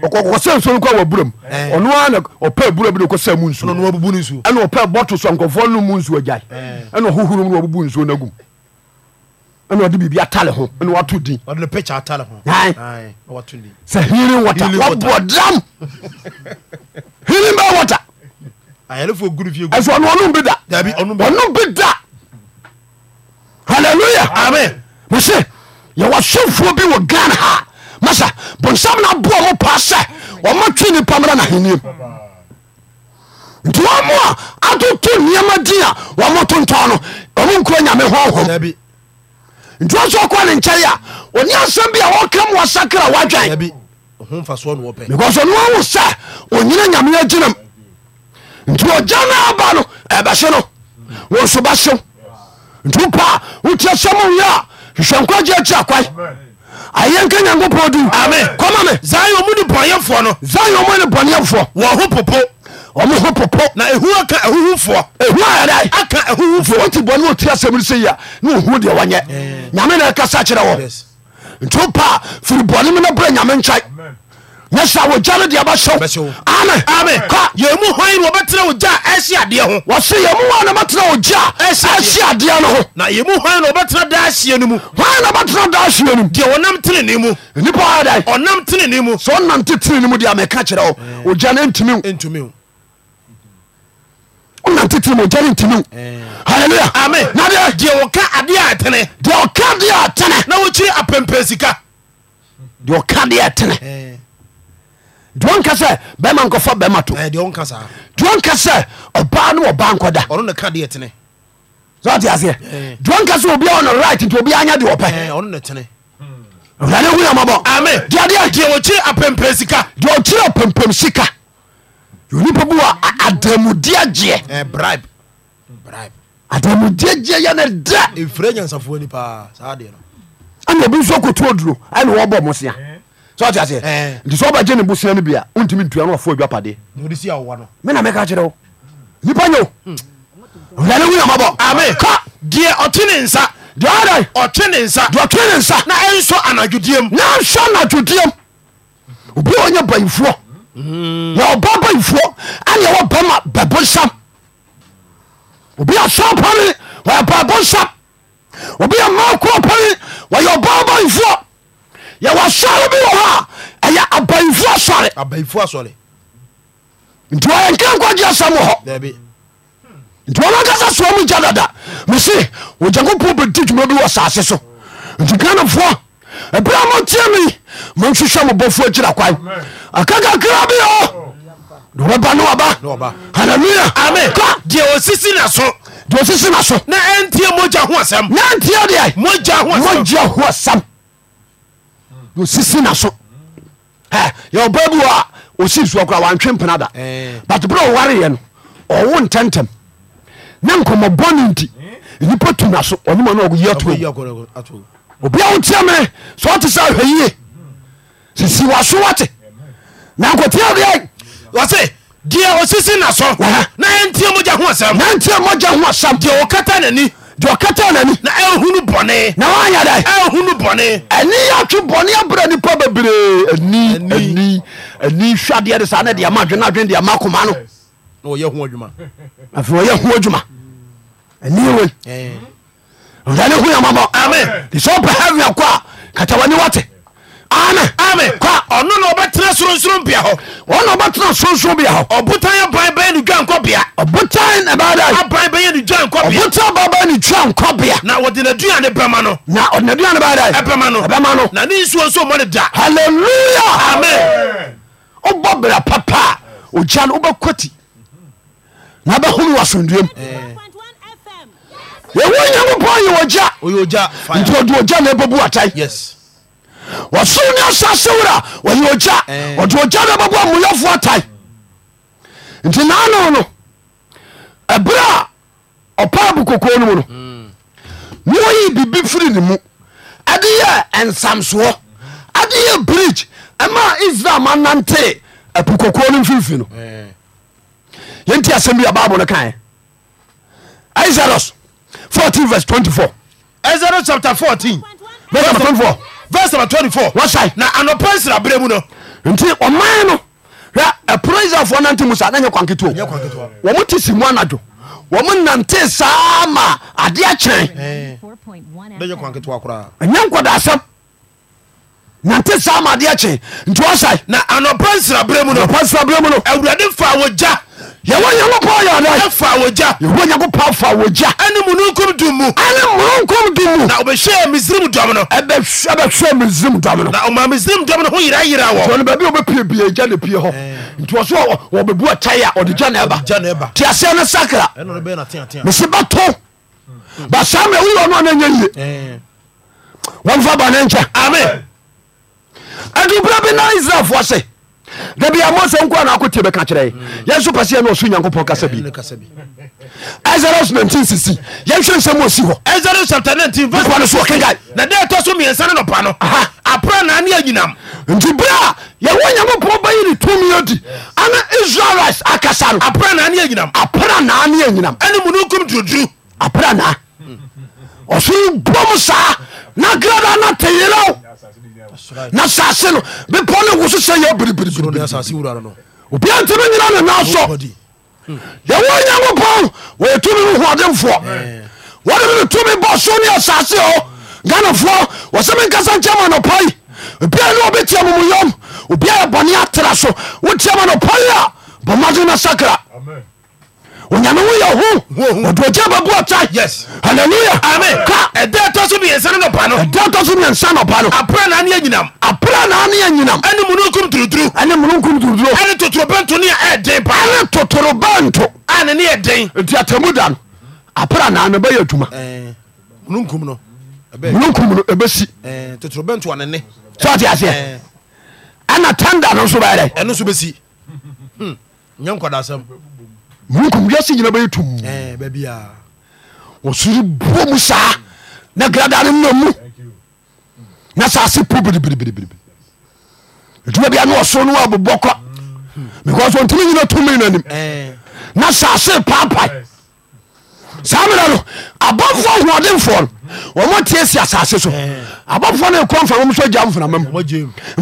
ɔkɔsɛ nsuo no kɔ wɔ buram eh. ɔno ara na ɔpɛ bura bi na ɔkɔsɛ mu nsuo ɛna ɔpɛ bɔto so nkɔfoɔ no mu nsuo gyae eh. ɛna ɔhohoro mu na ɔbubu nsuo no agum ɛna ɔde biribi atale ho ɛna wato din sɛ healing water wabɔ dam healing bɛ water *laughs* ayarefo guru fie gu. ɛsɛ ɔnu ɔnu bi da. dabi ɔnu bi da. ɔnu bi da hallelujah. amen. mo se yɛwɔ sɔfoɔ bi wɔ ghana ha masa bɔnsam na bo ɔmo pa sɛ ɔmo twi nipa mura na heniem nti wɔn mu a atoto nneɛma di a wɔn tontɔn no ɔmo nkuro nyame hɔhɔm nti wɔn so kɔ ne nkyɛn a oni asɛm bi a wɔka mu wɔsakra wɔadwan because ɔno awo sɛ onyina nyame agyinam nti ogya no aba no ɛbɛhye no wɔnso bɛhyew nti wopaa wotia sɛm wie a hwehwɛ nkwagye akyi akwae ayɛ nyankopɔn di kɔma me zae ɔmu ne bɔnyɛfoɔ no zae ɔmu ne bɔnyɛfoɔ wɔ ho popo ɔmo ho popo na ehu aka ehuhufoɔ ehu ayɛdɛ aka ehuhufoɔ wɔnti bɔne wɔti asɛm no sɛ yi ne ohu deɛ wɔnyɛ nyame na ɛkasa kyerɛ wɔ nti wopaa firi bɔne mu no brɛ nyame nkyɛe yẹsẹ awo jaabi di a ba sẹw ami ami ka yẹmu hɔn ni wɔbɛ tẹnɛ o ja ɛsi adiɛ ho. wɔsi yẹmu hɔn ni wɔbɛ tẹnɛ o ja ɛsi adiɛ no ho. na yẹmu hɔn ni wɔbɛ tẹnɛ da asiɛ ni mu. hɔn ni wɔbɛ da asiɛ ni mu. diɛ wɔnam tẹnɛ ni mu. nipa ayɛ dɛ. ɔnam tẹnɛ ni mu. sɔ ɔnam tẹ tẹnɛ ni mu di a kyerɛ o o ja ne ntumi o. ntumi o. ɔnam tẹ tẹnɛ mu o ja ne ntumi o. hallelujah. ami na deɛ diɛ wɔ ka adiɛ atɛnɛ. diɛ wɔ ka adiɛ atɛnɛ. na wɔkyiri apɛmpɛ sika. diɛ wɔ ka adiɛ atɛnɛ duwanka sɛ bɛma nkɔfa bɛma to duwanka sɛ ɔbaa ne ɔbaa nkɔda sọọti aseɛ duwanka sɛ obi a ɔno right nti obi anya de ɔpɛ ɔdade hu yamma bɔ ami diade deɛ ɔkyerɛ apɛmpɛrɛ sika deɛ ɔkyerɛ apɛmpɛrɛ sika onipa bi wɔ adamudeɛ gyeɛ bribe bribe adamudeɛ gyeɛ yɛ ne dɛ efirɛ nyansafoɔ nipa saa deɛ no ɛna obi nso kotu oduro ɛna wɔbɔ mo Yeah sọọti ase nti sọ ọba gye ne busua ni bia o ntumi ntua no afọ edwa pade. n'odi si awowa no. mi na mi ka kyerɛ o nipa nye o wúlò ẹni wúlò ọmọbọ. ami kọ diẹ ọtí ni nsa. diẹ ọdẹ. ọtí ni nsa. diẹ ọtí ni nsa. na ẹ nsọ anadudiem. na nsọ anadudiem obi hmm. wa nye bayifuọ na ọba bayifuọ ẹni ẹwọ bẹẹma bẹbọ nsam obi asọ apari wọ ẹbọ ẹbọ nsam obi ẹ mọ ọkọ apari wọ yọ ọba bayifuọ yɛwɔ sɔre bi wɔ hɔ a ɛyɛ abayifo asɔre nti wɔyɛ nkra nkwagye asɛm wɔ hɔ nti wɔn ankasa soa mu gya dada mese onyankopɔn bɛdi dwuma bi wɔ asase so nti ghanafoɔ ɛberɛ a motie me monhwehwɛ mo bɔfoɔ akyira kwan akakakra bi o wɔbɛba ne waba halleluya amen ka deɛ ɔsisi na so deɛ ɔsisi na so na ɛntie mogya ho asɛm na ɛntie deɛ mogya ho asɛm osisi naso yɛwɔba bi a ɔsi sua kora wantwe mpena da eh. but berɛ ɔwareyɛ no ɔwo ntɛntɛm ne nkɔmmɔbɔne nti nnipa tu naso ɔnema no ɔyi ato obia wo tia me sɛ ɔte sɛ ahwɛ yie sisi waso wate na nkotia deɛ wɔse deɛ ɔsisi naso na ɛntia mogya ho asɛm na ɛntia mogya ho asɛm deɛ ɔkata n'ani deɛ ɔkata nani na ɛhunu bɔne na wanyɛ dɛ ɛhunu bɔne ɛni yɛatwe bɔne abrɛ nipa bebree ani ani ani hwadeɛ de saa ne deɛ ma na adwene deɛ ma koma no na wɔyɛ ho adwuma afei wɔyɛ ho adwuma ani wei ɔdane hu yamabɔ amen de sɛ wopɛ heaven akɔ a katawani wate ame kɔ ɔno na ɔbɛtena soronsoro bea hɔ ɔna ɔbɛtena soronsoro bea hɔ ɔbotan aban bɛyɛ ne dwa nkɔbea ɔbotan na ɛbɛda aban bɛyɛ ne dwa nkɔbea ɔbotan aban bɛyɛ ne dwa nkɔbea na wɔde n'aduane bɛma no na ɔde n'aduane bɛda ɛbɛma no ɛbɛma no na ni nsuo nso mɔ ne da hallelujah amen wobɔ bra papa a ogya no wobɛkɔti na bɛhome wɔ asomduam yɛwɔ nyankopɔn yɛ ogya nti ɔde ogya na ɛbɛbu atae yes wɔsoro ne asase wera wɔyɛ ogya eh. ɔde ogya no bɛbɔ mmoyɛfoɔ tae nti naano no ɛberɛ a ɔpaa bu kokoo no mu no ne hmm. wɔyii biribi firi ne mu ɛde yɛ nsamsoɔ ɛde yɛ bridge ɛma israel ma nante apu kokoo no mfimfini no eh. yɛnti asɛm bi a bible no kaɛ exodus 14 verse 24 exodus chapter 14 verse 24 vers 24 wasae na anɔprɛsera berɛ mu no nti ɔman no hwɛ prɛsafoɔ nantimu sa ne nyɛ kwan ketoo wɔ mote si muana dwo wɔ mo nante saa ma ade akyerɛn ɛnyɛ nkɔ da asɛm nante saa amadeɛ kye nti ɔsae na anɔpa nsraberɛ mu npa nsraberɛ mu no awurade fa wogya yɛwɔ nyankopɔn yɛda fa wogya yɛwɔ nyankopɔn fa wogya ɛne mununkum dum mu ɛne mununkum dum mu na ɔbɛhwɛ misrim dɔm no ɛbɛhwɛ misrim dɔm no na ɔma misrim dɔm no ho yera yera wɔ tɔno baabi a wɔbɛpie bie gya na pie hɔ eh. nti ɔso wɔbɛbu atae a ɔde gya na ɛba te aseɛ no sakra mese bɛto ba saa mmerɛ woyɛ ɔno ana nya yie eh. wɔmfa ba nkyɛ amen adubra bi na israelfoɔ se da bia mose na akotie bɛka kyerɛ yɛn mm. so pɛ sɛ ɔso nyankopɔn kasa bi exodus 1960 yɛnhwɛ nsɛm ɔsi hɔ exodus chapter 19 verse so na dɛ ɛtɔ so mmiɛnsa ne nɔpa no aprɛnaa ne anyinam nti berɛ a yɛwɔ nyankopɔn bɛyi tumi ana israelites akasa no mu ɔso saa na na na sase be ponewososeyebrbrobateme yera nenaso yewenyako po wye tom mhudem f wademene to me bo sonea saseo ganaf wse mekasankemanopa obineo be tia momuyo ob boneatera so wotiamano paa boma denasakra onyame woyɛ ho ɔde ogya bɛboa halleluya ɛda ɛtɔ so miɛnsa no nɔpa no ɛda ɛtɔ so miɛnsa nɔpa no apra na ne anyinam apra na ne anyinam ɛne mununkum turuturu ɛne mununkum turuturu ɛne totorobɛnto ne a ɛden pa ɛne totorobɛnto a ne ne yɛ den nti atamu da no apra na ne bɛyɛ adwuma mununkum no no ɛbɛsi totorobɛnto anene sɛ ɔte aseɛ ɛna tanda no nso bɛyɛ dɛ ɛno nso bɛsi hmm, nyankɔdasɛm mukum wiase nyina bɛyɛ tum eh, ɔsoro bo mu saa na gradare mna mu na sase po biribiribiribiri ɛtuma bia ne ɔsoro no wabobɔ kɔ hmm. because ɔntimi nyina tumi no anim eh. na sase paapae saa mena no abɔfoɔ hoɔdenfoɔ no wɔmɔ tie si asase so eh. abɔfoɔ no ɛkɔ mframa so gya mframa mu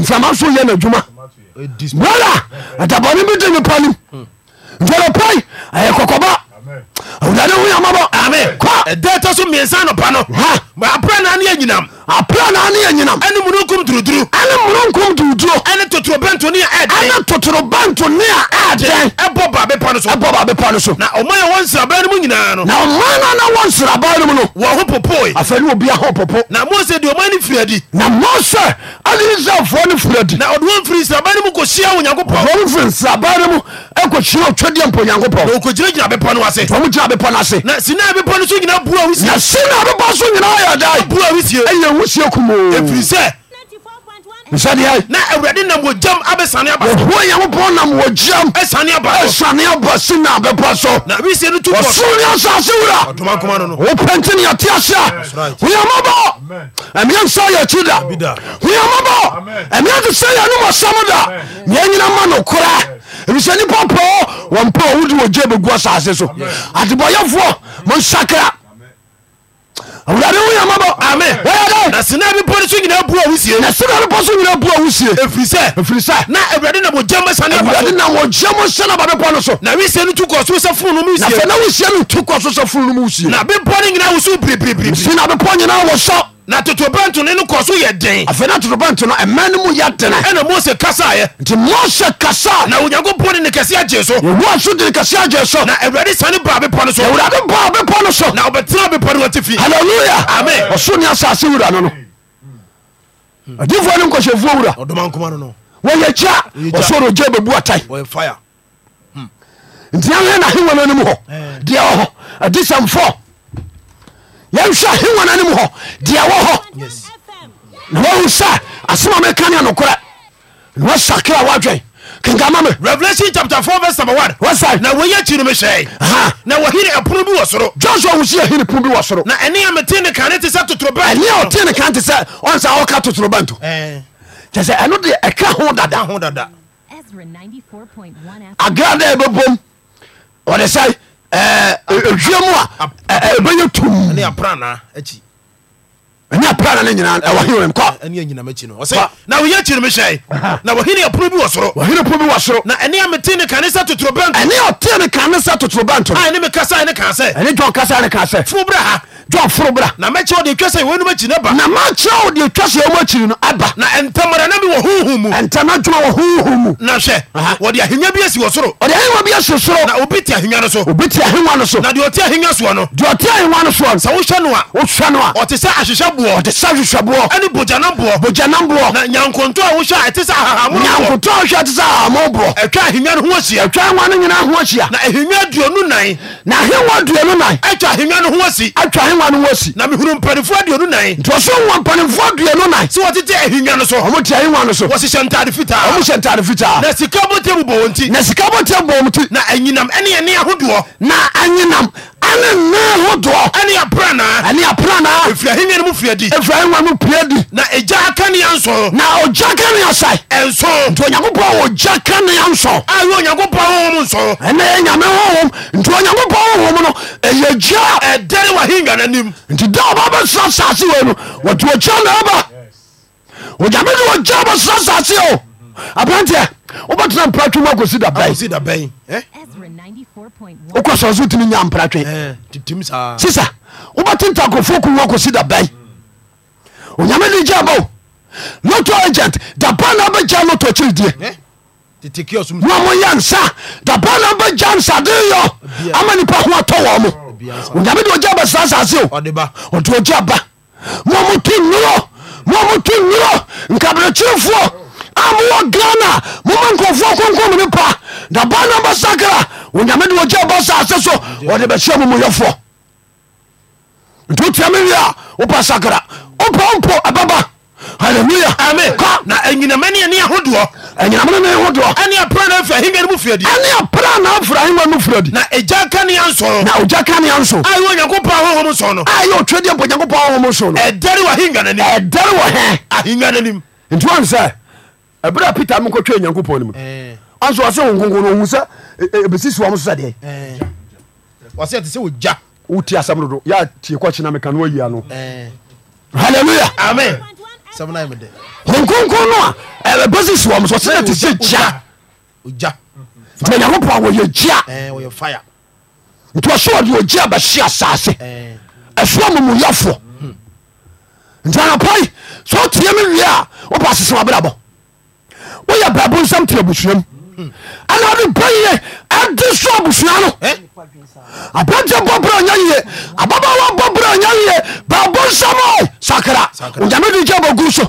mframa so yɛ n'adwuma wala adabɔne bi de nipa nim hmm. ndl pai ayɛ kokobawde homabɔ dɛt so misan no pa noaprnnyanyinamaprɛnneya yinam ane mukom drdr ane munokom dne totrobntonene totorobantone d babepano so na ɔma yɛ wɔ nsraba no mu nyinaa no na ɔma no na wɔ nsraba no mu no wɔ ho popoe afei ne obia ho popo na mose deɛ ɔma no firi adi na mose ane israelfoɔ no firi adi na ɔde wɔ mfiri nsraba no mu kɔhyia onyankopɔn ɔde mfiri nsraba no mu ɛkɔhyia ɔtwadeɛ mpa onyankopɔn na ɔkɔgyinagyina bepɔ no ase ɔmo gyina bepɔ no ase na sina bepɔ no so nyinaa bua wisie na sina bepɔ so nyinaa yɛ dae bua wisie ɛyɛ wisie kumoo ɛfiri sɛ sɛdeɛ na awurade nam wɔ gyam abɛsane aba ho nyankopɔn nam wɔ gyam ɛsane aba ɛsane aba sina bɛpa so na wisie no tu ɔsone asase wura wopɛnte ne yɛte ase a hoyamabɔ ɛmeɛ nsa yɛ akyi da hoyamabɔ ɛmeɛ te sɛ yɛnom ɔsɛm da neɛ nyina ma nokora ɛfisɛ nnipa pɔɔ wɔmpɛ ɔwode wɔ gye bɛgu asase so adebɔyɛfoɔ monsakra awurade woyɛ mabɔ ame na sena bepɔ no so nyina bu a wosie na sena bepɔ so nyina bu a wosie ɛfiri sɛ ɛfiri sɛ na awurade nam ɔgya ma sane awurade nam ɔgya mo hyɛ no ba bepɔ no so na wesie no tu kɔ so sɛ foro no mu sie na wosie no tu kɔ so sɛ foro no mu sie na bepɔ no nyina wo so biribiribiri nti na bepɔ nyina wɔ sɔ na totorobɛnto ne no kɔ so yɛ den afei na totorobɛnto no ɛma no mu yɛ dene ɛna mose kasaeɛ nti mose kasa na onyankopɔn de ne kɛseɛ agye so wɔboa so de ne kɛseɛ agye so na awurade sane baa bepɔ no so awurade baa bepɔ no so na fi. hallelujah amen ɔsoro ni asase wura no no adiifoɔ ne nkɔhyɛfoɔ wura ɔdɔma nkoma no no wɔyɛ kya ɔsoro gya bɛbu atae wɔyɛ fire nti ahwɛ na ahewa no anim hɔ deɛ wɔ hɔ adisamfoɔ yɛnhwɛ ahewa no anim hɔ deɛ wɔ hɔ na wɔhu sɛ asɛm a meka ne anokorɛ na wɔsakra wɔadwɛn kenkama me revelation chapter four verse number one. 1 wasa na wɔyɛ akyi no mehyɛe na wɔhene ɛpono bi wɔ soro joshua wo sii ahene pono bi wɔ soro na ɛne a mete ne kane te sɛ totorobɛnt ɛne a ɔte ne kane te sɛ ɔnsa wɔka totorobɛnto kyɛ sɛ ɛno deɛ ɛka ho dada ho dada agra da ɛbɛbom ɔde sɛ ɛhwia mu a ɛbɛyɛ tum ne aprana akyi ɛne prana no nyina na woyɛ kyi no mehyɛ na wɔhene ɛpono bi wɔ soro wɔhene po bi wɔ soro na ɛne a mete ne kane sɛ totorobɛnto ɛne ɔte ne kane sɛ totorobɛnto a ɛne mekasa ne kaa sɛ ɛne john kasa ne kaa sɛ foro bra ha john foro bra na mɛkyɛ wo de twa sɛ wɔnum akyi no aba na makyɛ wo de twa sɛ wɔm akyiri no aba na ɛntamara na me wɔ honhom mu ɛntama dwuma wɔ honhom mu na hwɛ wɔde ahenya bi asi wɔ soro ɔde ahenya bi asi soro na obi te ahenya no so obi te ahenya no so na deɛ ɔte ahenya soɔ no deɛ ɔte ahenya no soɔ sɛ wohwɛ no a wohwɛ no a ɔte sɛ ahyehyɛ boɔ te sɛ hwehwɛboɔ ɛne bogyanamboɔ bogyanamboɔ na nyankonto a wohwɛ a ɛte sɛ ahahamnyankonto a wohwɛ te sɛ ahahamɔboɔ ɛtwa ahennwa no ho ahyia ɛtwa nwa no nyinaa ho ahyia na ahennwa aduonu nan na ahenwa aduonu nan ɛtwa ahennwa no ho asi atwa ahenwa no ho asi na mehunu mpanifoɔ aduonu nan nti ɔso wa mpanimfoɔ aduonu nan sɛ wɔtete ahennwa no so ɔmote ahenwa no so wɔhyehyɛ ntade fitaa ɔmohyɛ ntade fitaa na sika bɔtɛ bobɔ wɔ nti na sika bɔtɛ bobɔ wɔ nti na anyinam ɛne ɛne ahodoɔ na anyinam ane ne hodɔnpnɛneapranafnfdi ɛfrnm pa di na ɛya kaneans na ɔya kaneasɛi nsnti onyankopɔn wɔgya kaneanson ɛonyankopɔhomns ɛnɛ nyame hohom nti onyankopɔn hohom no ɛyɛga ɛdɛre wahengano nim nti dɛ ɔbabɛsara sase w n wde wakyana ba yameto ya bɔsara saseo aberanteɛ wobɛtena mpratwe mu akosi da bɛn da bɛn wokɔ sɛ so tumi nya mpratwe titim saa sisa wobɛtenta akofoɔ ku mu akosi da bɛn onyame ne gya bɛo loto agent daba na bɛgya loto kyirideɛ na moyɛ nsa daba na bɛgya nsadeyɔ ama nipa ho atɔ wɔ mo onyame de ogya bɛsra asase o ɔde ogya ba momoto nnuro momoto nnuro nkabrɛkyerefoɔ amowɔ ghana moma nkurɔfoɔ konkom ne pa daba na bɛsakra onyame de wɔgya bɔ saase so ɔde bɛhyɛ mu muyɛfoɔ nti wotia me wie a wopɛ sakra wopɛ mpo ɛbɛba hallelujah amen kọ na ẹnyinamẹ ni ẹni ahodoɔ. ẹnyinamẹ ni ẹni ahodoɔ. ẹni apẹrẹ náà fẹ ahinga ni mu fìyà di. ẹni apẹrẹ náà ahinga ni mu fìyà na ẹja kani ya na ọjà kani ya nsọ. a yóò yankun pa ahọ́n mu sọ̀nù. a yóò twẹ́ di ẹ̀pọ̀ yankun pa ahọ́n mu sọ̀nù. ẹ̀dẹ́rẹ́ wà ahinga nani. ẹ̀dẹ́rẹ́ wà hẹ́n. ahinga nani. ntuwa nsẹ́ ɛberɛ peter mokɔtwa e nyankopɔn no mu eh. anso ɔse wo nkonko no ohu sɛ ɛbɛsisi wɔ m so sɛdeɛ eh. wɔsɛ ɛte sɛ wɔgya woti asɛm dodo yɛ tie kɔkyena meka no ayia no eh. halleluya amen honkonko no a ɛbɛsisi e, wɔ m so ɔsɛ ɛte sɛ gya nti nyankopɔn wɔyɛ gyia nti ɔsɛ ɔde ɔgyia bɛhye asase ɛsoa momuyafoɔ hmm. nti anapai sɛ ɔtie me wie a wopɛ asesɛ wabrabɔ woyɛ babo nsɛm te abusuam ɛna ɔde mpa yie ɛde so abusua no abrante bɔ berɛ ɔnya yie ababaawa bɔ berɛ ɔnya yie babo nsɛm o sakra onyame de gya bɔgu so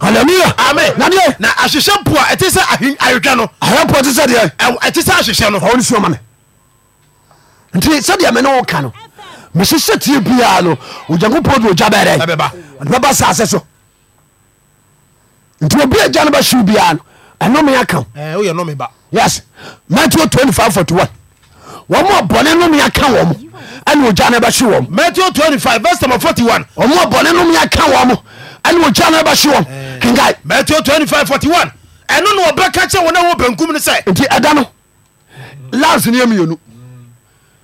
aleluya nadeɛ na ahyehyɛ po a ɛte sɛ ahwehwɛ no ahwɛ po ɛte sɛ deɛ ɛte sɛ ahyehyɛ no ɔwo ne suama me nti sɛdeɛ me ne wo ka no mesesɛ tie biaa no onyankopɔn de ogya bɛrɛ ɛbɛba sase so nti obi agya no bɛhyew biaa no ɛnome aka wo eh, yes matthew 25:41. 41 wɔma bɔne nome aka wɔ mo ɛne ogya no bɛhye wɔ matthew 25 verse number 41 ɔma bɔne nome aka wɔ mo ɛne ogya no bɛhye wɔ eh, kenkae matthew 25 41 ɛno na ɔbɛka kyɛ wɔn a wɔ bankum no sɛ nti ɛda no lance ne yɛmienu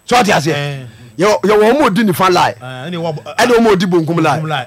sɛ ɔte aseɛ eh. yɛwɔ ma ɔdi nifa lae ɛne ɔma ɔdi bonkum lae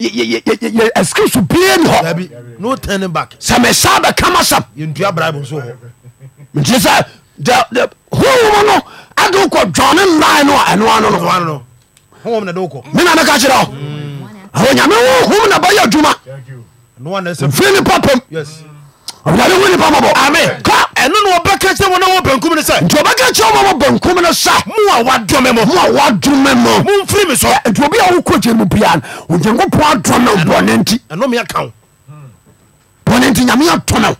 excuse bie ne hɔ sɛ mesa bɛkama sɛm nti sɛ hohom no ade wokɔ dwane mmae no a ɛnoa no no mena meka kyerɛ hɔ ɛwɔ mm. nyame hohom na bɛyɛ adwuma mfiri ne papam ɔwurade hu nipa mɔbɔ ami ka ɛno na ɔbɛka kyerɛ wɔn na wɔn bankum ne sɛ nti ɔbɛka kyerɛ wɔn wɔn bankum ne sɛ mu a wadome mo mu a wadome mo mu nfiri mi so nti obi a wokɔ gye mu bia no onyankopɔn adome bɔne nti ɛno mi aka wo bɔne nti nyame atome wo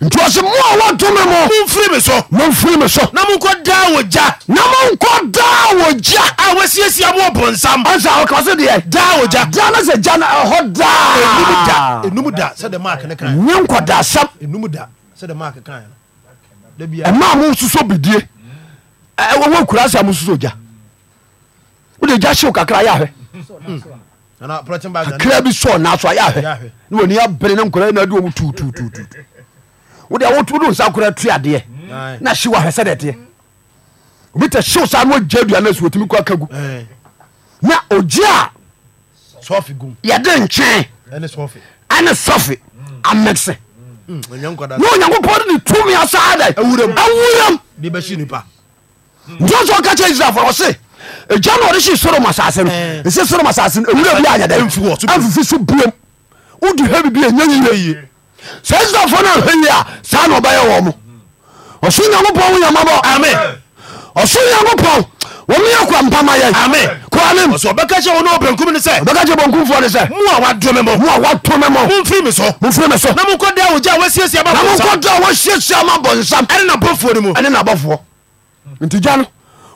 nti ɔsɛ a wɔtome mo momfiri so so na monkɔ daa wɔ gya na monkɔ daa wɔ gya a wɔasiesia mo ɔbonsam ɛnsa ɔka sɛ deɛ daa wɔ gya daa no sɛ gya no ɛhɔ daa ɛnum da sɛde mark ne kan daa da sɛde kan ɛma nsoso bidie kura nsoso gya gya kakra kakra bi sɔɔ ne nkɔla na tuutuutuutu wode wotumi ne nsa kora tu adeɛ na hye wahwɛ sɛ dɛdeɛ obi tɛ hyew saa na wagya aduane so wɔtumi kɔ aka gu na ogye a yɛde nkyɛn ɛne sɔfe amɛse hmm, na onyankopɔn de ne tumi asaa dɛ awuram nti hmm. sɛ ɔka kyɛ israelfoɔ ɔse agya na ɔde hye sodom asase no ɛsɛ sodom asase no ɛwura bi anyɛ dɛ so biom wode ha bibi ɛnya yie sɛ israelfoɔ no ahwɛ yie a saa na ɔbɛyɛ wɔ mo ɔso nyankopɔn wo yamabɔ amen ɔso nyankopɔn wɔmeyɛ kɔ mpama yɛ amen kɔanem ɔbɛka kyɛ wo ne ɔbɛnkum ne sɛ ɔbɛka kyɛ bɔnkumfoɔ ne sɛ mo a wadome mɔ mo a wadome mɔ momfiri me so momfiri me so na monkɔda a wogya wɔasiesia ma bɔnsam na monkɔda a wɔasiesia ma bɔnsam ɛne nabɔfoɔ no mu ɛne nabɔfoɔ nti gya no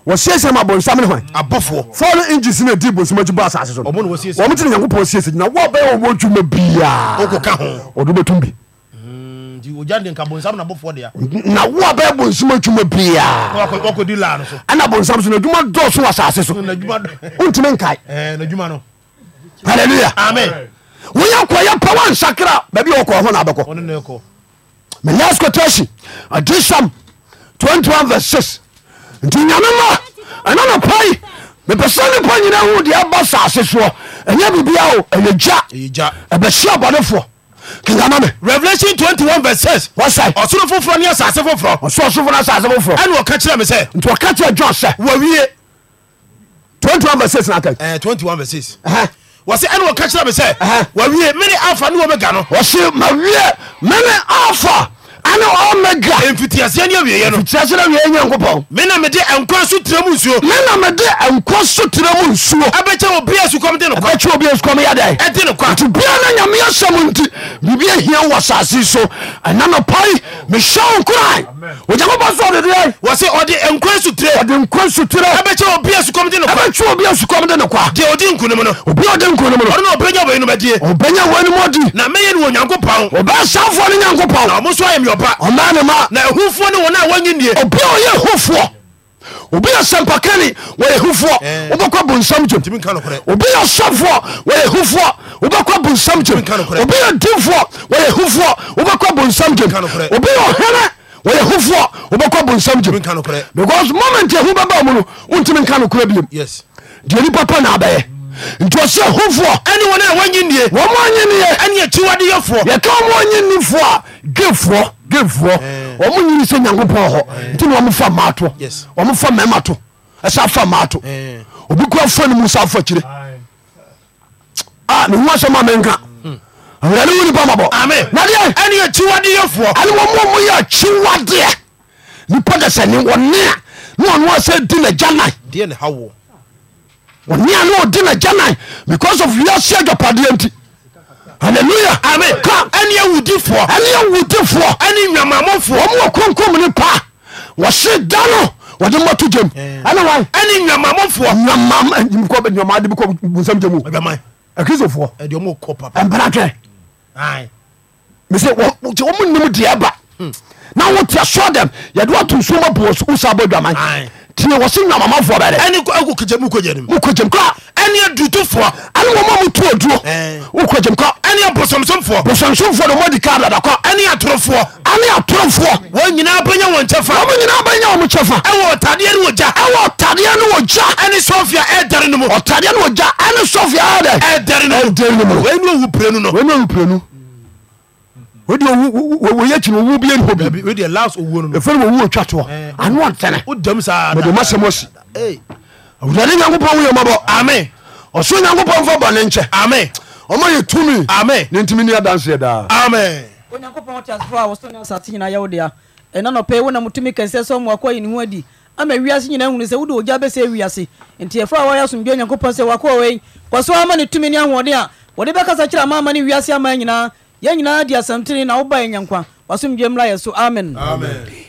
wɔsiesie ma bɔnsam ne hwan abɔfoɔ fɔlɔ engines na di bɔnsam akyi bɔ asase so wɔn ti ne nyankopɔn siesie na wɔn bɛyɛ wɔn adwuma biaa ɔkò ka ho ɔdo bɛtum bi hmm, na wo a bɛyɛ bonsam adwuma biaa ɛna bonsam so na adwuma dɔɔ so wɔ asase so wontumi nkae *laughs* eh, halleluya woyɛ kɔyɛ pɛ wa nsakra baabi a wɔkɔ hɔ na abɛkɔ melas quotation adesam 21 v 6 nti nyame ma ɛna na pai mepɛsɛ nipa nyina hu deɛ ɛba saase soɔ ɛnyɛ biribia o ɛyɛ gya abɔnefoɔ kinkama me revelation 21 vs 6 wɔsɛ ɔsoro foforɔ ne asase foforɔ ɔso ɔsofo no asase foforɔ ɛne wɔka kyerɛ me sɛ nti wɔka kyerɛ john sɛ wɔwie 21 vs 6 naka 21 vs 6 wɔsɛ ɛne wɔka kyerɛ me sɛ wɔwie mene alpha ne wɔmɛga no wɔse mawie mene alpha ane omega mfitiaseɛ ne awieɛ no mfitiaseɛ ne awieɛ nyankopɔn me na mede nkwa so tira mu nsuo me na mede nkwa so tira mu nsuo abɛkyɛ obi asukɔm de nokwa ɛbɛkyɛ obi asukɔm yɛdɛ ɛde nokwa nti bia na nyame asɛm nti biribi ahia wɔ asase so ɛna nɔpai mehyɛ wo nkorae onyankopɔn so ɔde deɛ wɔ sɛ ɔde nkwa so tire ɔde nkwa so tire ɛbɛkyɛ obi asukɔm de nokwa ɛbɛkyɛ obi asukɔm de nokwa deɛ ɔde nkonim no obi ɔde nkonim no ɔno na ɔbɛnya wɔi no bɛdie ɔbɛnya wɔi no mɔdi na mɛyɛ ne wɔ nyankopɔn ɔbɛsafoɔ ne nyankopɔn na ɔmo so ayɛ anɔpa ɔma ne ma na ɛhufoɔ ne wɔn a wɔnyi nie obi a ɔyɛ hufoɔ obi yɛ sɛmpakani wɔyɛ hufoɔ wobɛkɔ bonsam gyem obi yɛ sɔfoɔ wɔyɛ hufoɔ wobɛkɔ bonsam gyem obi yɛ dimfoɔ wɔyɛ hufoɔ wobɛkɔ bonsam gyem obi yɛ ɔhene wɔyɛ hufoɔ wobɛkɔ bonsam gyem because moment ɛhu bɛba mu no wontimi nka nokora biom deɛ nipa pa na abɛyɛ nti ɔsɛ hofoɔ ɛne wɔn a wɔnyi nie wɔn anyiniɛ ɛne akyiwadeɛfoɔ yɛka wɔn anyinifoɔ a dwefoɔ gamefoɔ ɔmo nyini sɛ nyankopɔn hɔ eh. nti na ɔmofa mmaa to ɔmofa mmarima to ɛsɛ afa mmaa to eh. obi kura fa no mu sa afa kyire a ah, ne ho asɛm a menka hmm. awurade wo nipa mabɔ nadeɛ ɛne akyiwadeyɛfoɔ ɛne wɔmoa mo yɛ akyiwadeɛ nipa da sɛ ne wɔne a ne ɔno a sɛ di n'agya nan ɔne a ne ɔdi n'agya nan because of wiase agyapadeɛ nti hallelujah amen ka ɛne awudifoɔ ɛne awudifoɔ ɛne nwamamofoɔ ɔmo wɔ konkom ne pa wɔhye da no wɔde mmɔto gyam ɛne wa ɛne nwamamofoɔ nwamam ɛnimkɔ nwamade bi kɔ bunsam gyam o ɛbɛma akristofoɔ ɛde ɔmo kɔ papa ɛmperatrɛ mesɛ wɔmo nim deɛ ɛba na wotia sɔ dɛm yɛde wato nsuoma po wɔ so wosa bɔ adwaman tie wɔ so nyamamafoɔ bɛdɛ ɛne ako kagya mu kɔgya nim wokɔgyam kora ɛne adutofoɔ ɛne wɔma mu tuo duo wokɔgyam kora ɛne abosomsomfoɔ bosomsomfoɔ de mɔdi ka dada kɔ ɛne atorofoɔ ɛne atorofoɔ wɔn nyinaa bɛnya wɔn kyɛfa wɔn nyinaa bɛnya wɔn kyɛfa ɛwɔ ɔtadeɛ ne wɔgya ɛwɔ ɔtadeɛ ne wɔgya ɛne sɔfia ɛdɛre no mu ɔtadeɛ ne wɔgya ɛne sɔfia ɛdɛ ɛdɛre no mu ɛdɛre no mu wɔn enu owu pirenu no wɔn enu owu pirenu wòye kyi owu bi eni hobi efere wo wu otwa toɔ anu ɔntɛnɛ mɛdi ma sɛm ɔsi awudade nyankopɔn wuyɛ mabɔ ami ɔsoro nyankopɔn fɔ bɔ ne nkyɛ ami ɔmɔ yɛ tumi ami ne ntumi ni adansi yɛ daa ami. onyankopɔn ɔte asefo a wɔsɔ ne asase nyinaa yɛwo dea ɛna nɔpɛ wo nam tumi kɛsɛ sɛ ɔmo akɔ yɛ ne ho adi ama wiase nyinaa hunu sɛ wode ogya bɛsɛ wiase nti ɛfo a wɔyɛ asomdwe onyankopɔn sɛ wakɔ wei wɔso ama ne tumi ne ahoɔden a wɔde bɛkasa kyerɛ amaama ne wiase ama nyinaa yɛn nyinaa de asɛmtene na wobaɛ nyankwa wasomdwa mmra yɛ so amen, amen.